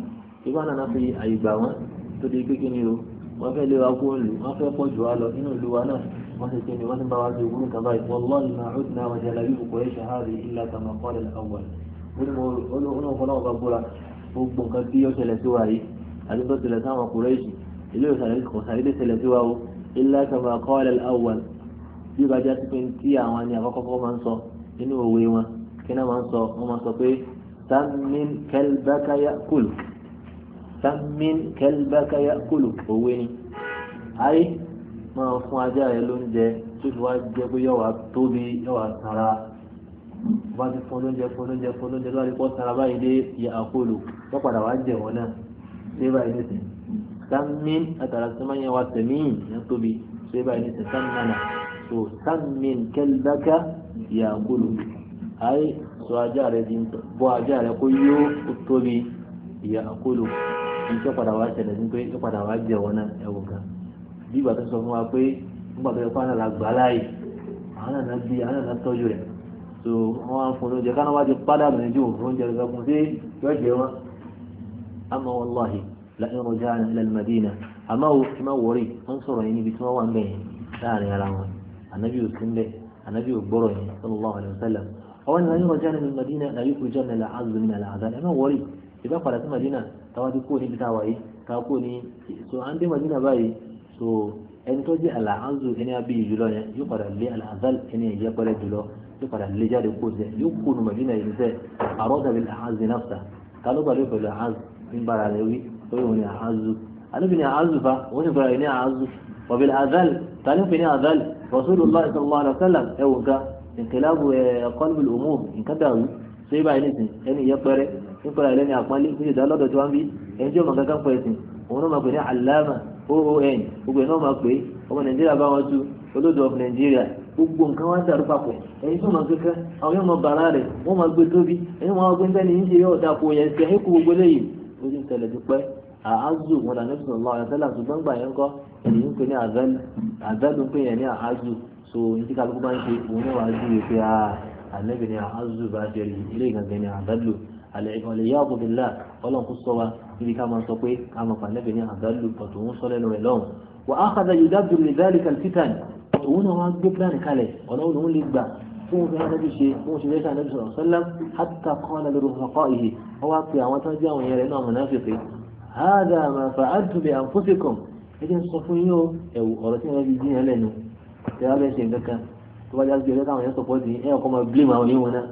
S1: ìwọ́n náà fi àyè gbà wọn tó di kékeré o wọ́n fẹ́ lé wa kó lù wọ́n fẹ́ pọ̀ jù wa lọ nínú ìlú wa náà wọ́n ti tẹ́lẹ̀ wọ́n ti bá wa ṣe wúrú kan báyìí wallahi ma udna wa jalabibu quraish hadhihi illa kama qala al-awwal olùkọ́lọ́wọ́ bá búra gbogbo nǹkan bí yóò ṣẹlẹ̀ sí wa yìí àti tó ṣẹlẹ̀ sáwọn quraish ilé ìṣàlẹ̀ ṣẹlẹ̀ sí wa o illa kama qala al-awwal bí bá já sí tí àwọn ni àkọ́kọ́ máa ń sọ nínú òwe wọn kí náà máa ń sọ wọ́n máa sọ pé samin kalbaka ya'kul sàmín kẹlbẹ́kẹ́ yàkùlù òwe ni ayé máa fún ajá rẹ lóúnjẹ tó fi wá jẹ pé yọ wá tóbi yọ wá tara bá ti fún lóúnjẹ fún lóúnjẹ fún lóúnjẹ lọ́wọ́ àdìpọ̀ tara báyìí dé yàkùlù tó padà wá jẹ wọn náà ṣé báyìí ní sìn sàmín àtàrà sẹ́mọ́ yẹn wá tẹ̀mí yẹn tóbi ṣé báyìí ní sìn sàmínà so sàmín kẹlbẹ́kẹ́ yàkùlù ayé sọ ajá rẹ di bọ́ ajá rẹ kó yó tóbi yàkùlù iṣẹ́ padà wá ṣẹlẹ̀ ní pé ó padà wá jẹ wọn náà ẹ̀wọ̀n kan bí ìgbà tó sọ fún wa pé nígbà tó yẹ kó àná la gbà láàyè àwọn àná bí àwọn àná tọ́jú rẹ̀ so wọ́n wá ń fún oúnjẹ káná wá ti padà bẹ̀rẹ̀ tí òun fún oúnjẹ rẹ̀ fún sí yóò jẹ wọn. àmọ́ wàláhì lẹ́yìn ọjà ilẹ̀ Madina àmọ́ o ti má wọrí wọ́n sọ̀rọ̀ yẹn níbi tí wọ́n wà ń bẹ̀ láàrin ara wọn ànábì ò sí ń bẹ̀ ànábì ò gbọ́rọ̀ yẹn sallallahu alaihi wasallam àwọn ènìyàn yóò jẹ́ ilẹ̀ Madina làyè kò jẹ́ ilẹ̀ azumi ilẹ̀ azan ẹ má wọrí ìbá padà sí Madina táwa ti kó níbi táwa yìí káwa ní so à ń dé madina báyìí so ẹni tó jẹ́ alahanzu ẹni abí jùlọ yẹn yóò padà lé alahazal ẹni ẹ̀yẹ pẹ́rẹ́ jùlọ yóò padà lé jáde kó sẹ yóò kó nu madina yìí sẹ àròdà bí alahanzu nafsa kálọ́ gbàdúrà pẹ̀lú alahanzu ń bára rẹ wí lórí òun ni alahanzu alóbi ni alahanzu fa òun ni fara ni alahanzu wàbí alahazal tani fi ni alahazal rasulillah sallallahu alaihi wa sallam ẹ̀wọ̀n ká nkìlábù ẹ̀ kọ́lbù ṣé báyìí nìsín ẹni yẹpẹrẹ nípa ẹ̀rẹ́ ni àpọ́nlé ní ìdá lọ́dọ̀ tí wọ́n bí ẹni tí ó mọ̀ kankan pẹ̀ sìn òun náà máa pè ní alama oon gbogbo ẹ̀ náà máa pè ọmọ nàìjíríà bá wọn tú olódò of nàìjíríà gbogbo nǹkan wá dàrú papọ̀ ẹni tí ó mọ̀ kankan àwọn yóò mọ bàrà rẹ̀ wọ́n máa gbé tóbi ẹni wọn gbé ńlẹ́ ní yóò dà kó yẹn sí gbogbo ń ànábì ni àhazù bá ṣe rí ilé ìgbàgbẹ́ ni àdálù àlẹ́ yàgò bí là ọlọ́run kò sọ wa níbi ká máa sọ pé ká máa pa ànábì ni àdálù ọ̀tọ̀ òun sọ lẹ́nu rẹ̀ lọ́hùn wà á kàdá yìí dábìrì ní dáríkà títàn ọ̀tọ̀ òun náà wá gbé pílánì kalẹ̀ ọlọ́run òun lè gbà fún òfin ànábì ṣe fún òṣèré ṣe ànábì sọ̀rọ̀ sọ́lám hàtà kọ́ńdà lórí ọ̀pọ̀ ìhì wọ́n wá pe àwọn tó ń jẹ́ àwọn yẹn rẹ̀ náà mọ̀ náà fèfè hádà máa fà á dùn bí àǹfóṣe kàn ẹ jẹ́ sọ fún yín o ẹ̀wù ọ̀rọ̀ tí wọ́n fi jí yẹn lẹ́nu ẹ̀ wá bẹ́ẹ̀ ṣe nǹkan kan tó bá jáde ẹjọ́ táwọn yẹn sọ̀pọ̀ sí ẹ̀ ọkọ máa blame àwọn yẹn wọn náà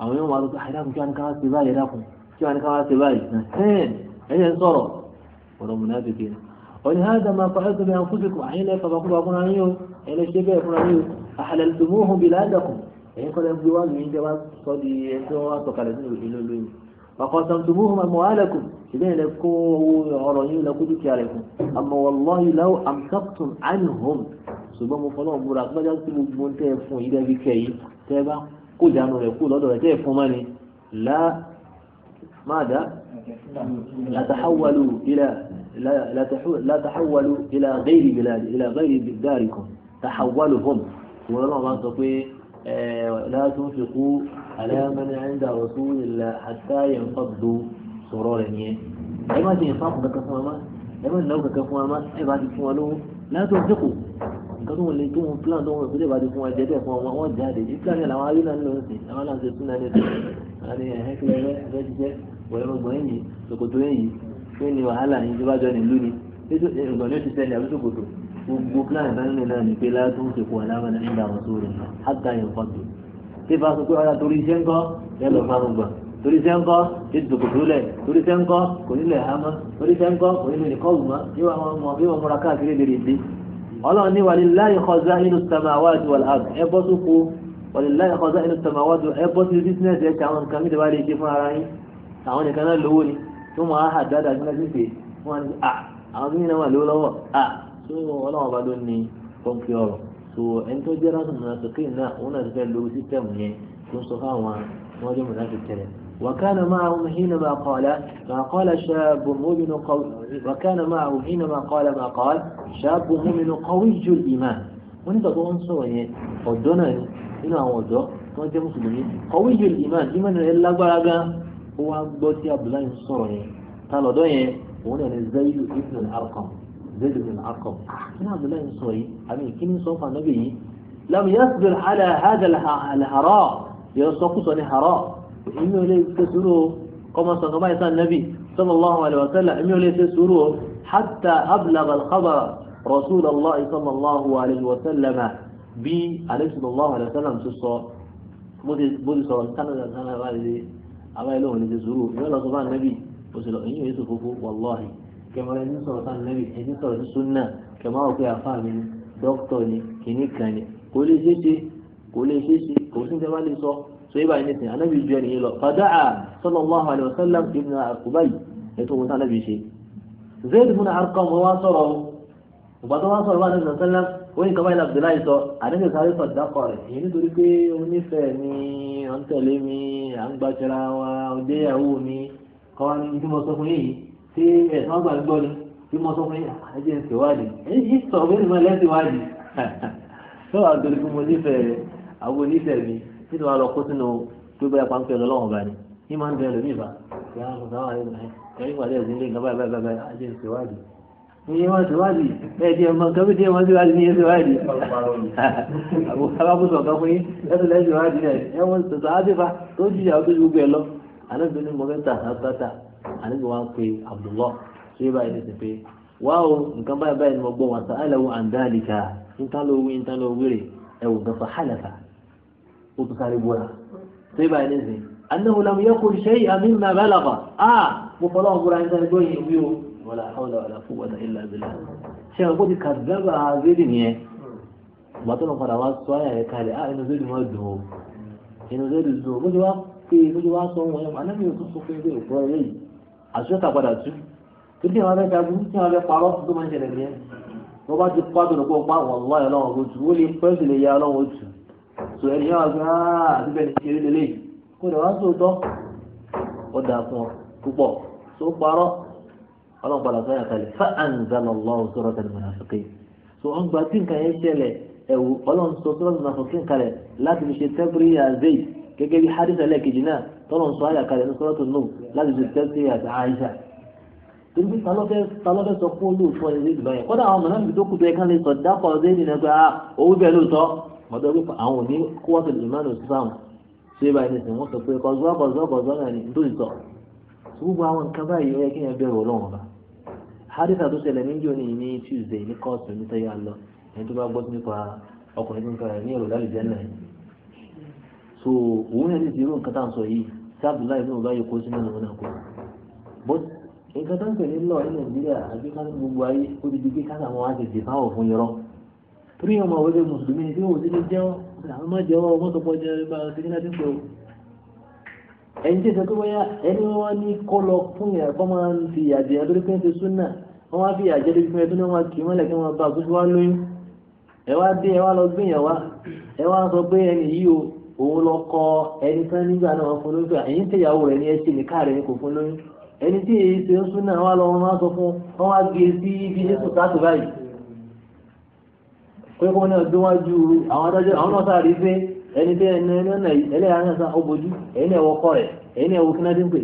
S1: àwọn yẹn wọn máa sọ pé àìdákun kí wọn ní ká wá ṣe báyìí dákun kí wọn ní ká wá ṣe báyìí ẹ̀yẹ ń sọ̀rọ̀ ọ̀rọ̀ mùnàfíkì ni wọ́n ní hádà máa fàáyé tó bí wọn fúnṣe kùn àyìn lẹ́fà bàkúrò fúnra yín o ẹ̀lẹ́ ṣe bẹ́ẹ̀ fúnra yín o àhàlẹ̀lùmọ́hùn bí ládàkùn ẹ̀yìn kọ́lẹ̀ gbé wá lóyún jẹ́wá sọ di kó owó ọ̀rọ̀ yín lọ kó dúkìá rẹ̀ fún àmọ́ wàlláhi láwọ́ àmsàkùn ánìhùn ṣùgbọ́n mo fọlọ́ búra pé lọ́jọ́ tí gbogbo ń tẹ́ ẹ fún yìí dẹ́bi kẹ́ yìí tẹ́ ẹ bá kó ìdáná rẹ̀ kó lọ́dọ̀ rẹ̀ tẹ́ ẹ fún mọ́ni lá máa dá látàháwálù ilà látàháwálù ilà gẹ́rì bìláàdì ilà gẹ́rì bìdáàrì kan tàháwálù hom ìwọ́n náà máa sọ pé látún fi kú alẹ́mẹ́ni ẹ̀ńdà rọ̀tún ilà àtàyẹ̀ fọ́dù sọ̀rọ̀ rẹ̀ nìyẹn ẹ má ti yẹn fáfù kankan fún wa má ẹ má ti náwó kankan fún wa má ẹ bá ti fún wa lówó látún fi kú nǹkan tó ń lè tó ń plan tó ń wọ̀ ìpínlẹ̀ ìbàdí fún wọn jẹ́ bẹ́ẹ̀ fún wọn wọ́n jáde ní plan yẹn làwọn arílà ń lọ sí àwọn aláǹsẹ̀ tún náà nìkan àti ẹ̀hẹ́ kílẹ̀ rẹ̀ jíjẹ́ wẹ̀rọ̀gbọ̀n yìí ṣòkòtò yìí fún ni wàhálà yìí tó bá jọ nílùú ni ìgbọ̀n ni ó ti ṣẹlẹ̀ àbí ṣòkòtò gbogbo plan ìbánilẹ̀ náà ni pé látún ṣe kó aláwọn nígbà wọn sóòrè àgbà yẹn kọ́ tó tí bá sọ pé ọ̀rá torí iṣẹ́ ń gbà torí iṣẹ́ ńkọ́ torí iṣẹ́ ńkọ́ kò kò nílẹ̀ nìkọ́ wù mọ́ yóò mọ bí wọn múra káàkiri lè rè dé ọlọ́run ní walillahi khaza'inu samawati wal ard ẹ bọ́ sóko walillahi khaza'inu samawati ẹ bọ́ sí bísínẹ́sì ẹ̀ka àwọn nǹkan mìíràn bá lè ṣe fún ara yín àwọn nìkan náà lówó ni tó máa hà dáadáa sí láti ṣe wọn ni à àwọn tó yìnbọn lówó lọ́wọ́ à tó ọlọ́run bá ló ní kọ́ńkì ọ̀rọ̀ tó ẹni tó jẹ́ rásùn mọ̀nàfíkì náà òun náà ti fẹ́ lo sísẹ́mù yẹn tó ń sọ fáwọn wọn jẹ́ mọ̀nàfíkì tẹ̀lẹ̀ وكان معه حينما قال ما قال شاب مؤمن قوي وكان معه حينما قال ما قال شاب مؤمن قوي الإيمان وين تقول سوى قدنا هنا وضو تقول جم سلمي قوي الإيمان إيمان إلا بعدا هو بوتي أبلا ينصر يعني قال ده يعني هو يعني زيد ابن الأرقم زيد بن الأرقم هنا أبلا ينصر يعني أمين كم ينصر النبي لم يصبر على هذا الهراء يصبر صني هراء èmi ò lè ṣe sùúrù o kọ́mọ sọ̀tọ̀ báyìí sàn nẹ́bì sallallahu alaihi wa sallam èmi ò lè ṣe sùúrù o hatta ablagha al-khabara rasulullah sallallahu alaihi wa sallam bí alaihi sallallahu alaihi wa sallam ti sọ bó ti sọ̀rọ̀ kánàdà kánàdà báyìí àbáyé lóhùn ní ti sùúrù ìwé lọ sọ bá nẹ́bì ó sì lọ èyí ò yẹ sọ fúnfún wàlláhi kẹmọrẹ so yìí báyìí nìsín anábì ju ẹnìyẹn lọ fada'a sallallahu alayhi wa sallam ibn akubayi ètò òun sánábì ṣe zayd ibn arqam wọn wá sọ̀rọ̀ ọgbà tó wá sọ̀rọ̀ bá anábì sallam wọn yìí kábàáyé abdullahi sọ anábì sáré sọ dákọ rẹ èyí nítorí pé onífẹ̀ẹ́ mi ọ̀ ń tẹ̀lé mi à ń gbàtsẹ̀ra wa ọdẹ ìyàwó mi kọ́wá ní bí sọ fún yìí tí ẹ̀sán gbà gbọ́ ni bí sọ fún yìí ẹ̀jẹ̀ ń ṣèwádìí èyí sọ̀rọ̀ bẹ́ẹ̀ ni <laughs> mo lẹ́sìn títí wàá lọ kó sínú tó bẹ́ẹ̀ pàǹpẹ́ rẹ lọ́wọ́ báyìí ní máa ń ìbá ẹ̀rí ẹ̀sìn lé nǹkan báyìí báyìí báyìí ti wádìí nǹkan bí ti wádìí wádìí kan fún yín wádìí ẹ̀ tó ó tún sáré bóra ṣé báyìí nìyẹn annahu lam yakun shay'an mimma balagha ah mo fọlọ́ wọn bóra nígbà tó yẹ wí o wala hawla wala quwwata illa billah ṣé àwọn kòtì kàdábà zéèdì nìyẹn bàtọ́ lọ padà wá sọ ayà rẹ̀ kalẹ̀ ah inú zéèdì wọn dùn ó inú zéèdì dùn ó bó ti wá pé bó ti wá sọ wọn yẹn anábì yóò tún sọ pé bẹ́ẹ̀ kọ́ ẹ̀ yìí àṣọ́ta padà tú tó dé wọn fẹ́ jagun tí wọn fẹ́ parọ́ tó máa ń ṣẹlẹ̀ nìyẹn wọ́n bá ti pàtó lọ́pọ̀ pa wọ́n lọ́yọ̀ So ẹni yẹn wà pé áá síbẹ̀ ah, ní kéré lélẹ̀ yìí kó lè wá sóòótọ́ ó dà fún ọ púpọ̀ tó parọ́ ọlọ́run padà sọ́yà kalẹ̀ fa anzalallahu suratul munafiqin so ọ̀n gba tí nǹkan yẹn ṣẹlẹ̀ ẹ̀wù ọlọ́run sọ suratul munafiqin kalẹ̀ láti fi ṣe tẹ́bírí àzẹ́yì gẹ́gẹ́ bí hadith ẹlẹ́kejì náà tọ́lọ́run sọ àyà kalẹ̀ ní suratul nur láti fi tẹ́bírí àzẹ́yà torí talọ́fẹ́ talọ́fẹ́ sọ fún olóòtú ọ̀yẹ́ lẹ́yìn báyẹn kọ́dà àwọn mọ̀nàmí tó kú tó yẹ kán lè sọ dápọ̀ ọ̀dẹ́ mọ́tò pé àwọn òní kó wá pẹ̀lú ìmánu islam ṣé báyìí nìsín wọ́n sọ pé kọ̀zọ́ kọ̀zọ́ kọ̀zọ́ náà ni tó ti sọ gbogbo àwọn nǹkan báyìí ó yẹ kí yẹn bẹ̀rù ọlọ́run ọba haditha tó ṣẹlẹ̀ ní jóni ní tuesday ní kóòtù ní sẹ́yà lọ ẹni tó bá gbọ́ nípa ọkùnrin tó ń kọrin ní èrò lálùjẹ́ náà so òun yẹn ti di irú nǹkan tá à ń sọ yìí tí abdullahi ibùdó báyìí kó sínú ìlú náà kó but nǹkan tó ń pè ní lọ ní nàìjíríà àbí ká ní gbogbo ayé ó ti di pé ká sàmọ́ wá ti dì fáwọ̀ fún irọ́ torí ọmọ òwe bẹ mùsùlùmí ni tí wọn ò sí ní jẹun àwọn ọmọ jẹun ọmọ tó pọ̀ jẹun ìbára sí nígbà tí ń pè ó ẹni tí ìṣẹ́ tó bọ́yá ẹni wọn ní kó lọ fún ìyá kọ́ máa ń fi ìyà jẹ lórí pé ń ṣe súnà wọn wá fi ìyà jẹ lórí pé ń wọn kì í mọ́lẹ̀ kí wọ́n bá àkóso wá lóyún ẹ wá dé ẹ wá lọ gbìyàn wá ẹ wá sọ pé ẹni yìí o òun lọ kọ ẹni tán nígbà náà fún lóyún pé ẹ̀yìn tẹ̀yàwó rẹ̀ ni ẹ ṣe nìka rẹ̀ ni kò fún lóyún ẹni tí èyí ṣe ń súnà wọn lọ wọn wá sọ fún wọn wá gbé e sí ibi jésù káàtó báyìí pé kó náà déwájú àwọn adájọ́ àwọn náà sáré pé ẹni tẹ́ ẹni náà ẹlẹ́yà náà sá ọgbójú ẹ̀yìn náà wọkọ rẹ̀ ẹ̀yìn náà wọ kínáàdín pé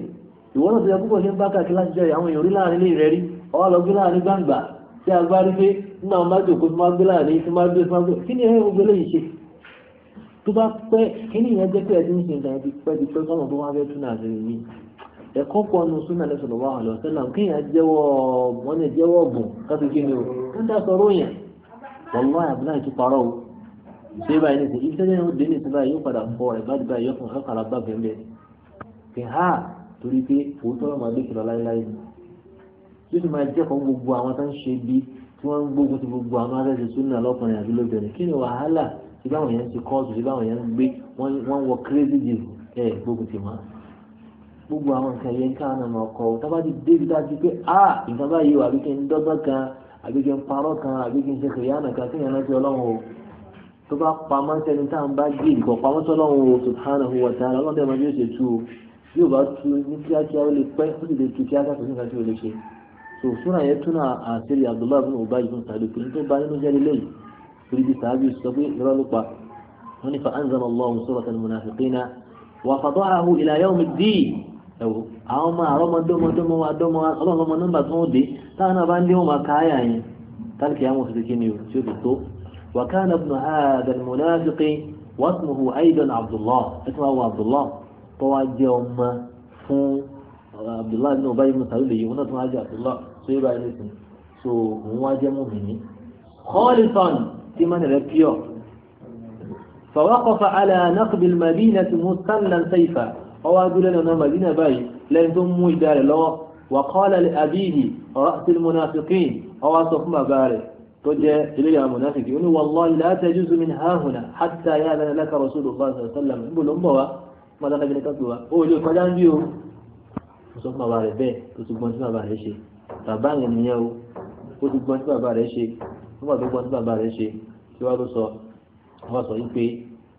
S1: ìwọ náà ti yẹ púpọ̀ ṣe ń bá káàkiri láti jẹ́ àwọn èèyàn orí láàrin ilé rẹ̀ rí ọwọ́ lọ gbé láàrin gbangba tí a gbá rí pé nígbà wọn bá tí wọn gbé láàrin tí wọn gbé wọ́n àbúrò àti parọ́ o ṣé báyìí nìsín ibi tẹ́lẹ̀ ó dé nìsín báyìí yóò padà fọ ẹ̀ báyìí báyìí yọkàn kọ́kànlá gbà bẹ́ẹ̀ kì í ha torí pé òótọ́ ọmọ adé kìlọ̀ láéláé ni yóò sì máa jẹ́kọ̀ọ́ gbogbo àwọn tó ń ṣe bí tí wọ́n ń gbógun ti gbogbo àwọn aláṣẹ súnà lọ́kùnrin àti lóbìnrin kí ni wàhálà tí báwọn yẹn ń ṣe kọ́ọ̀tù tí báwọn yẹn ń gbé wọ́n wọ crazy deal ẹ̀ gbógun ti máa gbogbo àwọn nǹkan yẹn káwọn ọmọ ọkọ tábàdì ah ìjọba yìí wà wípé ń dọ́gbọ́n àbí kí n parọ́ kan àbí kí n ṣe kìrìyànà kan kéèyàn rántí ọlọ́run o tó bá pamọ́ sẹ́ni tá à ń bá gbé ìkọ̀ pamọ́ sọ́lọ́run o subhanahu wa ta'ala ọlọ́run dẹ̀ máa bí ó ṣe tú o bí ó bá tú ní kíákíá ó lè pẹ́ ó sì lè tú kíákíá kò sí nǹkan tí ó lè ṣe so súnà yẹn túnà àṣírí abdullahi bin ubay bin sa'adu kò tó ba nínú jẹ́ lélẹ́yìí torí táwọn bá ń lé wọn máa ka àyà yẹn tálíkì àwọn oṣù kí ni o tí ó fi tó wà ká náà bùnà ààdà mùnáfíkì wọ́n tún hù aidan abdullah ẹ tún wá wọ abdullah tó wá jẹ́ ọmọ uh, abdullah náà báyìí mo sàlùlẹ̀ yìí wọn náà tún abdullah tó yẹ báyìí so òun wá jẹ́ mùmìnì. خالصا في من فوقف على نقب المدينة مستلا سيفا أو أقول لنا مدينة باي لأن ثم مجدار لو wàkọ́lẹ̀ àbíyì ra'si al-munafiqin ọwọ́ sọ fún bàbá rẹ̀ tó jẹ́ eléyà munafiki ó ní wallahi la tajuzu min hahuna hatta ya'dana laka rasulullah sallallahu alaihi wasallam níbo ló ń bọ̀ wá mọ́tà náà gbẹ̀rẹ̀ kápẹ́ wa ó lè kọjá ń bí o ó sọ fún bàbá rẹ̀ bẹ́ẹ̀ ó ti gbọ́n tí bàbá rẹ̀ ṣe bàbá rẹ̀ nìyẹn o ó ti gbọ́n tí bàbá rẹ̀ ṣe nígbà tó gbọ́n tí bàbá rẹ̀ ṣe tí wàá ló sọ wọ́n sọ yìí pé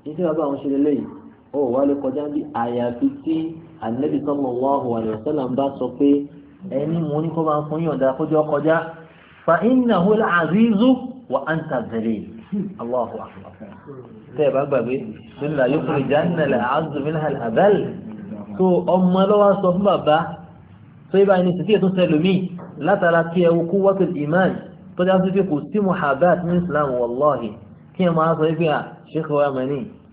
S1: ní tí bàbá àwọn ṣe lélẹ́yìí ó wà lè kọjá ń bí àyàfi tí ànẹ́bí sallallahu alaihi wasallam bá sọ pé ẹni mo ní kó máa fún yọ̀ǹda kó jọ kọjá fa innahu al-azizu wa anta zalil Allahu akbar tẹ́ ẹ bá gbàgbé nínú la yukhrijanna al-azzu minha al-adhall tó ọmọ lọ́wọ́ sọ fún bàbá tó yẹ báyìí ní títí ètò sẹlómi látara kí ẹ wo quwwatul iman tó dá sí pé kò sí muhabbat ní islam wallahi kí ẹ máa sọ yẹ pé à ṣéèkì wa mọ̀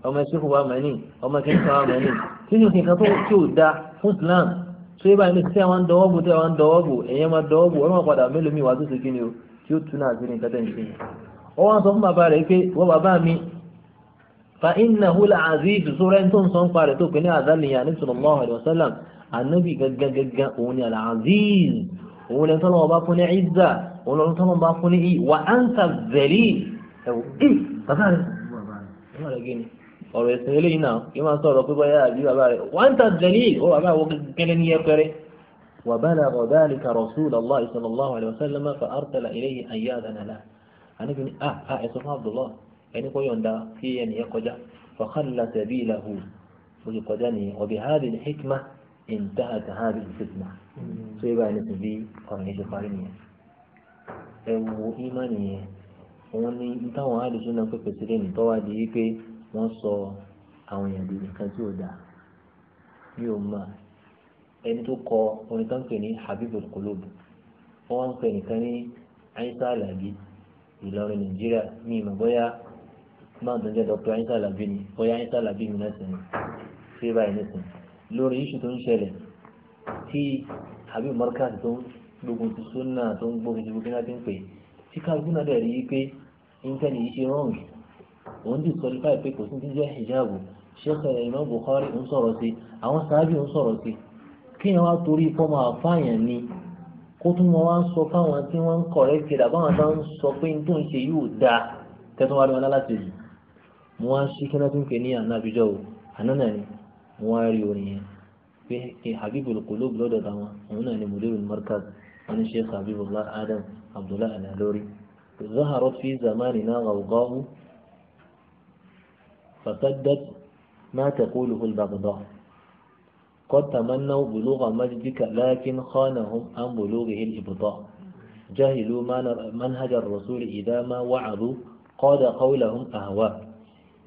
S1: ọmọ ṣéèkì wa mọ̀ ní ọmọ kẹ́kẹ́ wa mọ̀ ní kí ni nǹkan tó kí ò da fún islam ṣé báyìí ní tí àwọn dọwọ́gbò tí àwọn dọwọ́gbò ẹ̀yẹn máa dọwọ́gbò ọlọ́run padà mélòó mi wà tó ṣe kíni o tí ó tún àti ní kẹtẹ́ ní kíni. ó wá sọ fún bàbá rẹ̀ pé wọ́n bàbá mi fa inna hula aziz sọ́rẹ́ tó ń sọ ń parẹ́ tó pé ní azaliya ní sallallahu alaihi wasallam anabi gangan gangan òun ni al-aziz òun ni ọ̀rọ̀ ẹ̀sìn eléyìí náà kí máa sọ̀rọ̀ pé báyà àbí bàbá rẹ̀ wọ́n tà jẹ̀lí ó bàbá wọ gẹ́gẹ́ ní yẹpẹrẹ. وبلغ ذلك رسول الله صلى الله عليه وسلم فأرسل إليه أن يأذن له أنا بني آه آه اسمه عبد الله يعني كو يوندا في يعني يقجا فخلى سبيله ويقجني وبهذه الحكمة انتهت هذه الفتنة سيبا نسبي قرنيش قرنية ewu imani wọn ni táwọn àdìsúná pẹpẹ sílẹ nìtọwádìí pé wọ́n sọ àwọn èèyàn di nǹkan tí ò dáa mi ò mọ̀ ẹni tó kọ orin kan pè ní Habibul Qulub wọ́n pè nìkan ní Aisha Alabi Ìlọrin Nàìjíríà mi ìmọ̀ bóyá máa tó ń jẹ́ Dr. Aisha Alabi ni bóyá Aisha Alabi mi náà sẹ́yìn ṣé báyìí nìkan lórí iṣu tó ń ṣẹlẹ̀ tí Habib Markaz tó ń gbógun ti sunna tó ń gbógun ti burkina ti ń pè tí kálukú dẹ̀ rí i pé intanet yìí ṣe rọ́ọ̀nù òun dì kọlífà pé kò sí ti jẹ́ hijab sheikh eh, imam bukhari ń sọ̀rọ̀ sí àwọn sáábì ń sọ̀rọ̀ sí kí ni wọ́n torí kọ́ máa fáyàn ni kó tún wọn wá ń sọ fáwọn tí wọ́n ń kọ̀rẹ́ kiri àbáwọn bá ń sọ pé n tó ń ṣe yóò dáa tẹ́tún wá rí wọn láti yìí mo wá ń ṣí kí wọ́n tún pè ní àná o àná ni mo wá rí orin yẹn pé kí eh, habibul qulub lọ́dọ̀ táwọn òun náà ni mudirul markaz wọ́n ní sheikh habibullah adam abdullahi alalori zaharot fi zamanina ghawgahu فصدت ما تقوله البغضاء قد تمنوا بلوغ مجدك لكن خانهم عن بلوغه الإبطاء جهلوا منهج الرسول إذا ما وعظوا قاد قولهم أهواء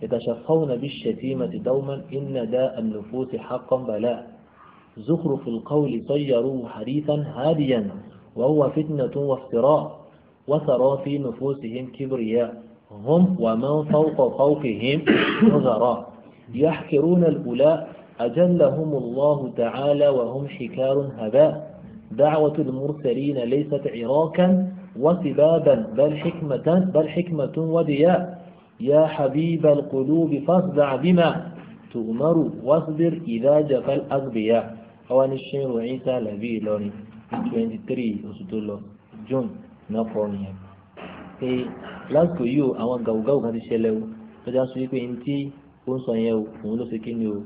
S1: يتشفون بالشتيمة دوما إن داء النفوس حقا بلاء زخرف القول صيروه حديثا هاديا وهو فتنة وافتراء وثرى في نفوسهم كبرياء هم ومن فوق فوقهم نظرا يحكرون الأولاء أجلهم الله تعالى وهم حكار هباء دعوة المرسلين ليست عراكا وسبابا بل حكمة, بل حكمة ودياء يا حبيب القلوب فاصدع بما تؤمر واصبر إذا جفى الأغبياء أوان الشيخ عيسى لبي لوني 23 أسطول جون نفرنيا pé lásìkò yìí o àwọn gàwùgàwù kan ti ṣẹlẹ̀ o lọ́jà sọ wípé ní tí ó ń sọ yẹn o òun ló ṣe kí ni o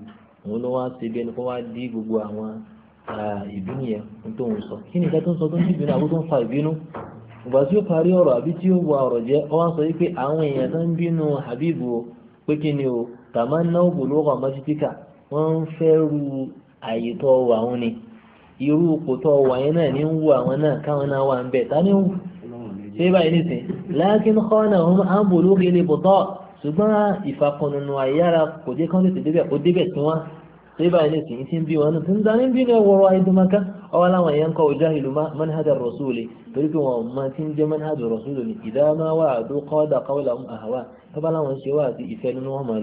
S1: òun ló wá ṣe bí ẹni kó wá dí gbogbo àwọn ìbínú yẹn ní tó ń sọ kí ni ìka tó ń sọ tó ń àbó tó ń fa ìbínú ìgbà sọ àwọn èèyàn tó Habibu o pé kí ni o tàmá náà wọ́n ń fẹ́ ru ni irú wà yẹn náà ní ń wo àwọn náà káwọn náà wà ń ta ṣé báyìí nìsín lákìn kọ́nà òun à ń bòlú kele bòtọ́ ṣùgbọ́n ìfàkùnùnù àyára kò dé kán tètè débẹ̀ kó débẹ̀ tí wọ́n ṣé báyìí nìsín ti ń bí wọn tó ń darí bí ní ọwọ́rọ̀ àìdùnmáká ọwọ́ láwọn èèyàn kọ́ ojú àìlú manhaja rasuli torí pé wọn máa ti ń jẹ́ manhaja rasuli ní ìdámáwá àdó kọ́dà kọ́wọ́lá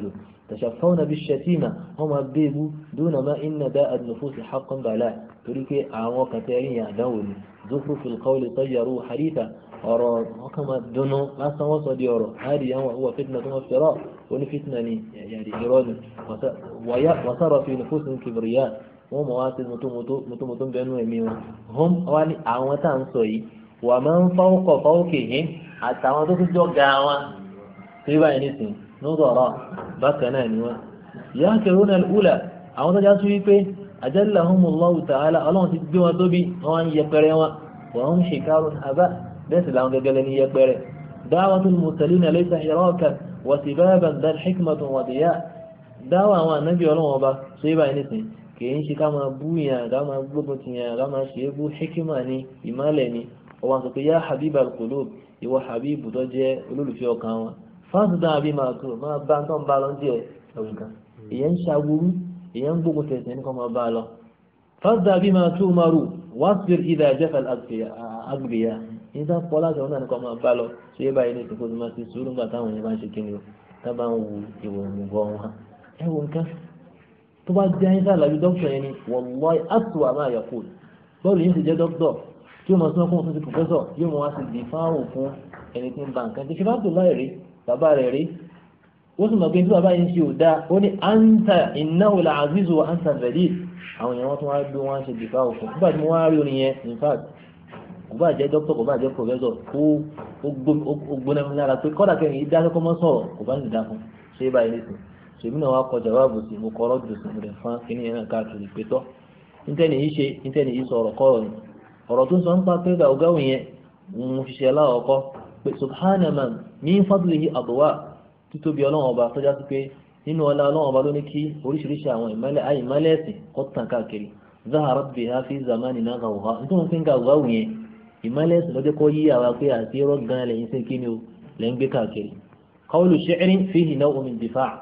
S1: tẹ̀sàfọ́nà bí ṣẹtìmà wọ́n máa gbé ebú dúnà má iná dá àdínàfóòsì hakan bàlá torí pé àwọn kàtẹ́rì yẹn àdánwò ni zokú filkawli tọ́yàrú harifa ọ̀rọ̀ wọn kà máa dunu lásán wọ́n sọ di ọ̀rọ̀ hadi yẹn wà wọ́n fitna tó wọ́n fẹ́rọ̀ oní fitna ni yàrá irọ́ ni wàsára fi nufóòsì kìbìrìyà wọ́n mọ̀ wá sí mutumutu bẹnu ẹ̀mí wọn. hom wá ní àwọn tá à ń sọ yìí wà máa ń fọ́ọ̀kọ̀ fọ́ọ̀kì yìí àtàwọn tó tún jọ ga wọn. tí báyìí nísìnyí nudara bákan náà ni wọ́n yaakiruna al-ula àwọn tọ́jà sún wípé ajallahumullahu ta'ala ọlọ́run ti gbé wọn tóbi wọn ń yẹpẹrẹ wọn wa hum shikarun aba bẹ́ẹ̀ sì làwọn gẹ́gẹ́ lẹ́ni yẹpẹrẹ da'watul mursalina laysa hirakan wa sibaban dhal hikmatin wa diya dáwà àwọn ànábì ọlọ́run ọba tó yẹ báyìí nìsín kì í ṣe ká máa bú yàn ká máa gbógun ti yàn ká máa ṣe é bú hikima ni ìmọ̀lẹ̀ ni ọwọ́n sọ pé yá habibal qulub ìwọ habib tó jẹ́ olólùfẹ́ ọkàn wọn fáwọn tó àbí máa kúrò máa bá tó ń bá lọ díẹ̀ ẹ̀wù kan èèyàn ń ṣàwúrú èèyàn ń gbógun tẹ̀sẹ̀ nìkan máa bá lọ fáwọn tó àbí máa tó máa rù wọ́n sì rí ìdá ẹ̀jẹ̀ àgbèyà ní sá pọ́ láti ọ̀nà nìkan máa bá lọ ṣé é báyìí ní ìsìnkú tó máa ti sùúrù nígbà táwọn èèyàn bá ń ṣe kí ni o tá bá ń wu ìwòrán gan wọn ẹ wo nǹkan tó bá jẹ́ ayé sàlàyé dókítà yẹn ni wọ́n lọ́ àtúwà máa yẹ kó bọ́ọ̀lù yìí sì jẹ́ dókítà tí ó mọ̀ sí ọkùnrin tó ti pòfẹ́sọ̀ yóò mọ̀ wá sí dìfáàrùn fún ẹni tí ń ba nǹkan tí kí bá tó láì rí bàbá rẹ̀ rí ó sì mọ̀ pé tí bàbá yìí ń ṣe ò ó ní anta innahu al-azizu wa anta al-jalil àwọn èèyàn wọn tún wá gbé wọn ṣe dìfà òfin nígbà tí mo wá rí orin yẹn in fact kò bá jẹ́ dókítà kò bá jẹ́ pòfẹ́sọ̀ ó gbóná mi lára pé kọ́dà kẹrin yìí dákẹ́ kọ́mọ́ sọ̀rọ̀ kò bá ní ìdá fún ṣé báyìí nìsín ṣèmi náà wá kọjá wá bùsùn mo kọ́ ọ́rọ́ dùsùn mo lè fán kíní yẹn káàkiri pé tọ́ yìí ṣe nítẹ̀ni yìí sọ ọ̀rọ̀ kọ́rọ̀ ni ọ̀rọ̀ tó sọ ń pa pé ọ̀gá òun yẹn mo fi pé subhanama min fadlihi àbúwá títóbi ọlọ́run ọba tọ́já sí pé nínú ọlá ọlọ́run ọba ló ní kí oríṣiríṣi àwọn ìmọ́lẹ̀ àìmọ́lẹ̀ ẹ̀sìn kó tàn káàkiri zaharat biha fi zamanina gàwùhá nítorí pé ń gàwùhá wù yẹn ìmọ́lẹ̀ ẹ̀sìn lọ́jọ́ kó yí àwa pé àti ẹ̀rọ gan lẹ́yìn sí kí ni o lẹ́ ń gbé káàkiri. qawlu shi'rin fihi naw'un min difa'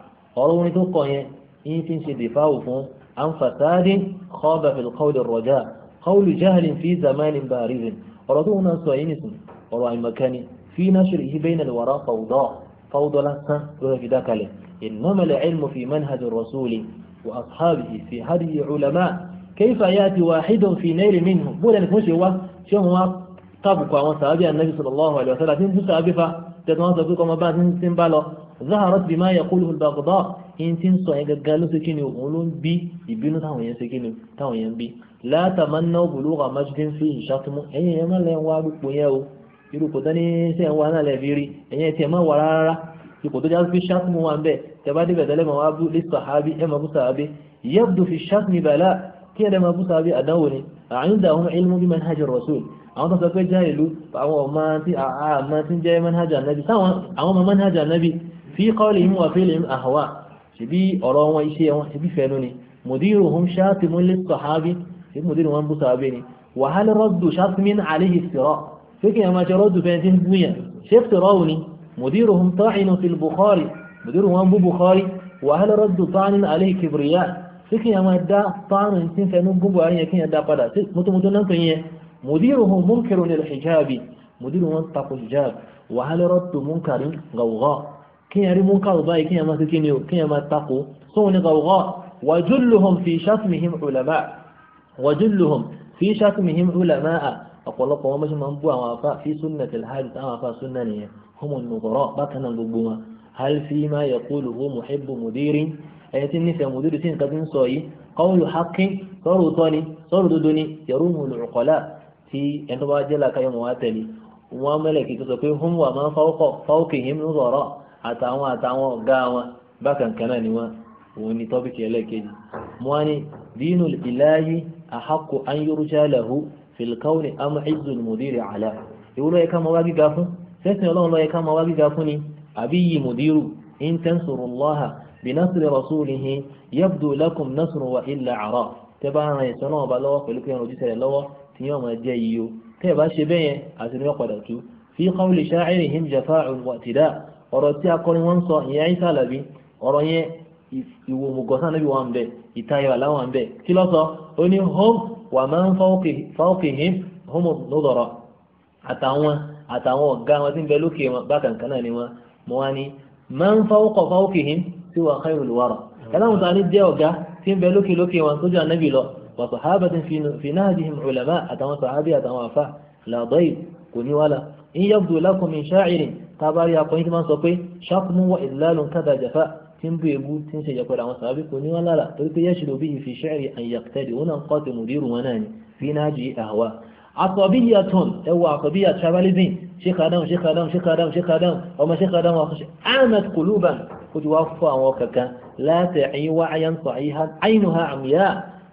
S1: ọ̀rọ̀ orin tó kọ yẹn yín ti ń ṣe dìfà òfin an fasadin khaba fil qawli ar-raja qawlu fi zamanin barizin ọ̀rọ̀ tó ń sọ yìí nìsín ọ̀rọ̀ àìmọ̀kánì fi nashrihi bayna al-wara fawda fawda lásán ló fi dákalẹ̀ innama al-ilmu fi manhaj ar-rasuli wa ashabihi fi hadi ulama kayfa ya'ti wahidun fi nayri minhu bóyá nìkan ṣe wá ṣé wọn wá tábùkù àwọn sàábì ànábì sallallahu alaihi wa sallam tí ń tún sàábì fa tẹ̀sán wọn sọ pé kọ́mọ bá ti ń bá lọ zaharat bima yaquluhu al-baghdha in ti ń sọ yẹn gangan ló ṣe kíni òun ló ń bí ìbínú táwọn yẹn ṣe kíni táwọn yẹn ń bí la tamannaw bulugha majdin fihi shatm ẹ̀yìn yẹn má lẹ́yìn wá gbogbo yẹn o irú kò tán ní sẹ́yìn wa náà lẹ́ẹ̀fi rí ẹ̀yìn ẹ̀tì ẹ̀ má wà rárá ipò tó já fi ṣáàtúmù wa ń bẹ̀ tẹ̀bá débẹ̀ tẹ́lẹ̀ mọ̀ wá bú lé sàhábí ẹ̀ máa bú sàhábí yabdu fi ṣáàtúmù bàlá kí ẹ̀ máa bú sàhábí àdánwò ni àyíǹda àwọn ilmu bí manhaj rasul àwọn tó sọ pé já ìlú àwọn ọmọ tí àmà tí ń jẹ́ manhaj anabi táwọn àwọn ọmọ manhaj anabi fi kọ́ọ̀lì ìmú àfẹ́lẹ̀ ìmú àhàwà ṣèbí ọ̀rọ̀ wọn iṣẹ́ wọn ṣèbí fẹ́nu ni mùdírù hum ṣáàtúmù lé sàhábí ṣèbí mùdírù wọn bú sàhábí ni wàhálà rọ́dù ṣáàtúmù alayhi فكي ما ترد هذه الدنيا شيخ تراوني مديرهم طاعن في البخاري مديرهم أبو بخاري وهل رد طعن عليه كبرياء فكي ما دا طعن في فانون بوبو عليه كي دا قدا متو متو مديرهم منكر للحجاب مديرهم تقو الحجاب وهل رد منكر غوغاء كي يري منكر باي كي ما تكينيو كي ما تقو صون غوغاء وجلهم في شتمهم علماء وجلهم في شتمهم علماء ọ̀pọ̀lọpọ̀ wọn bá ṣe máa ń bú àwọn afa fi sunna til hadith àwọn afa sunna nìyẹn homo nùgọ̀rọ̀ bákan náà gbogbo wọn hal fi ma yaqulu hu muhibbu mudirin ẹni tí nífẹ̀ẹ́ mudiri sí nǹkan tí ń sọ yìí qawlu haqqin sọ̀rọ̀ òtọ́ ni sọ̀rọ̀ dodo ni yarumu al-uqala tí ẹni tó bá jẹ́ làkàyọ̀ mọ́ wá tẹ̀lé wọn mẹ́lẹ̀kì tó sọ pé hum wa man fawqihim fìlìkáwò ní amú ìzùn mùdírì àlá ìwọ ló yẹ ká máa wá gíga fún sẹ́sìn ọlọ́run ló yẹ ká máa wá gíga fún ni àbí yìí mùdírù in tansurullaha bi nasri rasulihi yabdu lakum nasru wa illa ara tẹ́ bá ran ẹ̀sán náà bá lọ́wọ́ pẹ̀lú pé ìrànjú tẹ̀lẹ̀ lọ́wọ́ tí yóò máa jẹ́ yíyó tẹ́ bá ṣe bẹ́yẹn àti ní ọ̀padà tú fi qawli sha'irihim jafa'un wa tida ọ̀rọ̀ tí akọrin wọn sọ ìyẹn Isa Alabi ọ̀rọ̀ yẹn ìwòmùgọ́sán níbi wọn bẹ̀ ìtayọ̀ aláwọn bẹ̀ kí lọ́sọ ó ní home wà máa ń fáwọ́kì yìí homo lọ́dọ̀rọ̀ àtàwọn àtàwọn ọ̀gá wọn tí ń bẹ lókè wọn bákan kan náà ni wọn mo wá ní máa ń fáwọ́kọ̀ fáwọ́kì yìí tí wà káyọ̀ lùwárọ̀ ẹlẹ́wọ̀n tó jẹ́ ọ̀gá tí ń bẹ lókè lókè wọn tó jẹ́ ànábì lọ wà sàhábà tí fi náà àtàwọn sàhábì àtàwọn àfà làbẹ́yì kò ní wàlà ń lákùnmí ṣáà ìrìn tábàárí akọ̀yìn tí wọ́n sọ pé ṣàkùnmù wà ìlàlùn kádà jàfà tí ń bú ebú tí ń ṣe ìyàpẹ̀rẹ̀ àwọn sàábì kò ní wọn lára torí pé yẹ́sùn òbí ìfi ṣẹ́ẹ̀rì àyàkẹ́tẹ̀dì wọn náà kọ́ọ̀tì mùdírù wọn náà ni fi náà ju àwa. àtọ̀bíyà tọ̀n ẹ wọ àtọ̀bíyà tribalism ṣéka dáhùn ṣéka dáhùn ṣéka dáhùn ṣéka dáhùn ọmọ ṣéka dáhùn àkọsí ahmed kuluban ó ti wá fún àwọn kankan láti ẹ̀yìn wá ayé ń sọ àyínú ha àmìyá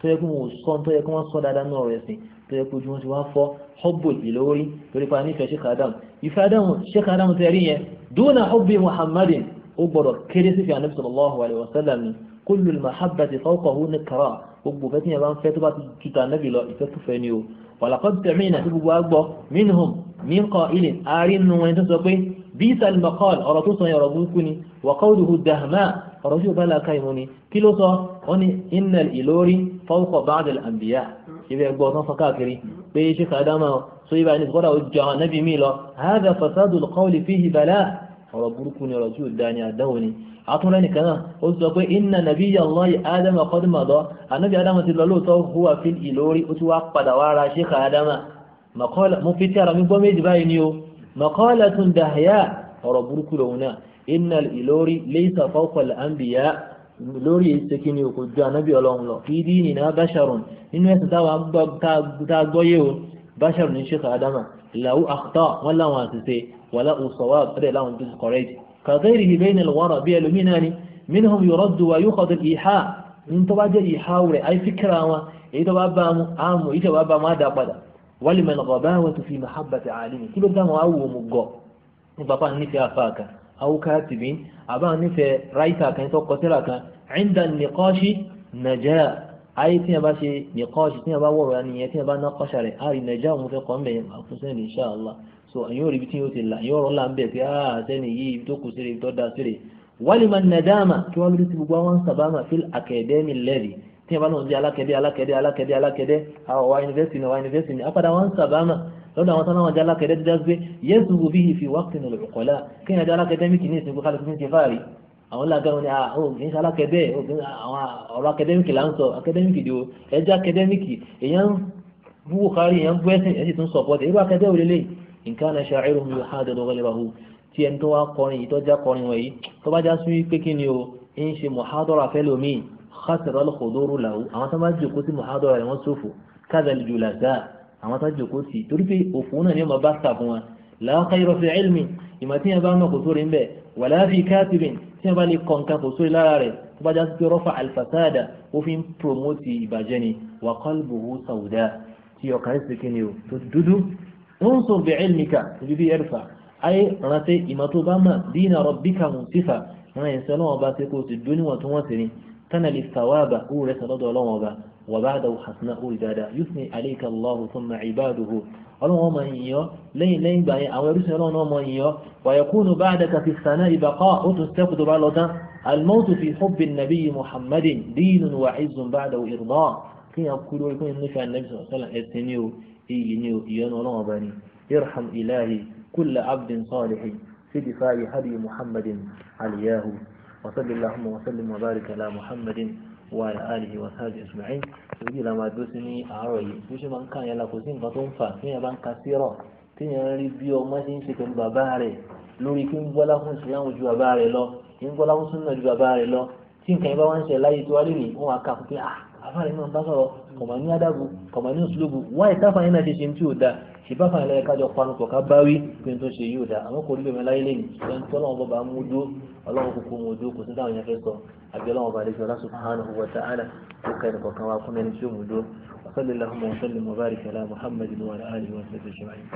S1: tó yẹ kó wọn sọ tó yẹ kó wọn sọ dáadáa náà rẹ̀ sìn tó yẹ kó wọn ti wá fọ́ hubbu ìlórí torí pa nífẹ̀ẹ́ ṣéka dáhùn ìfẹ́ dáhùn ṣéka dáhùn tẹ̀rí yẹn dúnà hubbi muhammadin ó gbọ́dọ̀ kéré sí fi ànábì sallallahu alaihi wasallam ni kullu al-mahabbati fawqahu nikrah gbogbo fẹ́ tí yẹn bá ń fẹ́ tó bá ti tuta ànábì lọ ìfẹ́ tó fẹ́ ni o walaqad sami'na tí gbogbo agbọ́ minhum min qa'ilin àárín nu wọn tó sọ pé bi'sa al-maqal ọ̀rọ̀ tó sọ yẹn ọ̀rọ̀ burúkú ni wa qawluhu dahma ọ̀rọ̀ tí o bá la ka ìmú ni kí ló sọ wọn ní kọ́dà ó jọ àwọn ọ̀rọ̀ burúkú ni ọ̀rọ̀ tí ò dá ni àdáwò ni àtúnrẹ́ nìkan náà ó sọ pé inna nabiyya Allahi ádámà kọ́dùmọ̀dọ́ ànábì ádámà ti lọ lóòótọ́ huwa fil ìlórí ó ti wá padà wá ara sheikh ádámà mo fi tí ara mi gbọ́ méjì báyìí ni o maqalatun dahya ọ̀rọ̀ burúkú lòun náà inna ìlórí laysa fawqa al-anbiya lórí ìsèkí ni kò ju ànábì ọlọ́run lọ fi dinina basharun nínú ẹ̀sìn táwa gbọ́yé o basharun ní sheikh ádámà lahu akhta wọn láwọn àṣìṣe wàlá òsòwà bẹ́ẹ̀ láwọn tó ti correct kàgẹ́rì ìbẹ́ ní lọ́wọ́rọ̀ bí ẹlòmí náà ni minhum yuraddu wa yukhadhu ìhà ní tó bá jẹ́ ìhà rẹ̀ àyè fíkìrà wọn èyí tó bá bá mu àmú èyí tó bá bá mu àdá padà wálé mẹ́lẹ̀ ọ̀bá wọn tó fi mahabbati alimi kí ló dá wọn awo mu gọ̀ ní bàbá nífẹ̀ẹ́ afa kan awo katibi àbá nífẹ̀ẹ́ ráìtà kan tó kọtíra kan inda nìkọ́ṣí nàjẹ́ ayé tí a bá ṣe nìkọ́ṣí tí a bá wọ̀rọ̀ ẹni yẹn tí a bá ná kọ́ṣà rẹ̀ àrí nàjẹ́ òun fẹ́ kọ́ ń bẹ̀yẹn àkúnṣẹ́ insha Allah so ẹ̀yin ò rí ibi tí yóò ti là ẹ̀yin ọ̀rọ̀ ńlá ń bẹ̀ pé ah sẹ́ni yìí ibi tó kù síre ibi tó da síre wálé máa nàdáàmà kí wọ́n lórí ti gbogbo àwọn sábàmà fíl àkẹ́dẹ́mì lẹ́rì tí yẹn bá lọ́n jẹ́ alákẹ́dẹ́ alákẹ́dẹ́ alákẹ́dẹ́ alákẹ́dẹ́ àwọn wa yunifásitì ni wa yunifásitì ni apàdà wọn sábàmà lọ́dọ̀ àwọn sábàmà jẹ́ alákẹ́dẹ́ dídá gbé yẹ́sù wo bí ìfi wákìtì nù lùkọ́lá kéèyàn jẹ́ alákẹ́dẹ́ mi ah, kì ní ìsìnkú kálukú ní ti fáàrí nǹkan ṣàìrò mi ha dọ̀dọ̀ gọ́lẹ̀bàhù tí ẹni tó wá kọrin yìí tó já kọrin wọ̀nyí tó bá já sí pé kí ni o ń ṣe mọ̀hádọ́rà fẹ́lómi khasara al-huduru lahu àwọn tó bá jòkó sí mọ̀hádọ́rà wọn ṣòfò kadhal julasa àwọn tó jòkó sí torí pé òfò náà ni ọmọ bá sà fún wa la khayra fi ilmi ìmọ̀ tí yẹn bá mọ̀ kò sórí wala fi katibin tí yẹn bá lè kọ̀ nǹkan kò sórí lára rẹ̀ tó bá rafa al-fasada ó fi promote ìbàjẹ́ wa qalbuhu sawda tí ọkàn rẹ̀ sì kí ni o انصر بعلمك تجدي ارفع اي رتي امتو باما دين ربك منصفا ما يسلو باتكو تدوني وتواتني تنا للثواب اولى سلاد الله وبعده حسناء الجادة يثني عليك الله ثم عباده ọlọ́wọ́ ma yìn yọ́ lẹ́yìn lẹ́yìn gbà yẹn àwọn ẹrúsìn ọlọ́wọ́ náà ma yìn yọ́ wàyẹ̀kúnù bá àdàkà fi sànà ìbàkọ́ ó tún sẹ́kù tó bá lọ tán almọ́tò fi hubbi nàbí muhammadin dínú wàhízùn bá àdàwò ìrùbọ́ kí yẹn kú lórí fún ìmúfẹ́ ànàbì sọ̀rọ̀ sọ́lá ẹ̀sìn ni o iyì ni ìyọnu ọlọ́run ọba ni irham ilahi kulla abdin salihin fi difa'i hadi muhammadin aliyahu وصلى اللهم وسلم وبارك على محمد وعلى آله وصحبه أجمعين ojú la máa dúró sí ní àárọ̀ yìí bí ó ṣe máa ń ká yẹn la kò sí nǹkan tó ń fà téèyàn bá ń ka sírọ̀ téèyàn rí bí ọmọ ṣe ń ṣe pẹ̀lú bàbá rẹ̀ lórí kí ń gbọ́lá fún ìsìláàmù ju bàbá rẹ̀ lọ kí ń gbọ́lá fún súnà ju bàbá rẹ̀ lọ tí nǹkan yẹn bá wá ń ṣe láyé tó wá lè ní wọn á kà fún pé ah afáàlẹ́ náà bá sọ̀rọ̀ kọ̀mọ̀ ní adágu kọ̀mọ̀ ní òṣùlógún wáyé táfà yẹn náà ṣe ṣe tí ò da ṣèbáfà yẹn lẹ́yìn kájọ panu kọ̀ ká bá wí pé n tó ṣe yóò da àmọ́ kò rí bẹ̀rẹ̀ láyé lẹ́yìn ẹni tí ọlọ́run bọba mú dó ọlọ́run kúkú mú dó kò sí táwọn yẹn fẹ́ sọ àbí ọlọ́run bá lẹ́jọ́ lásù subhanahu wa ta'ala ó ka ẹnì kọ̀ọ̀kan wa kún ẹni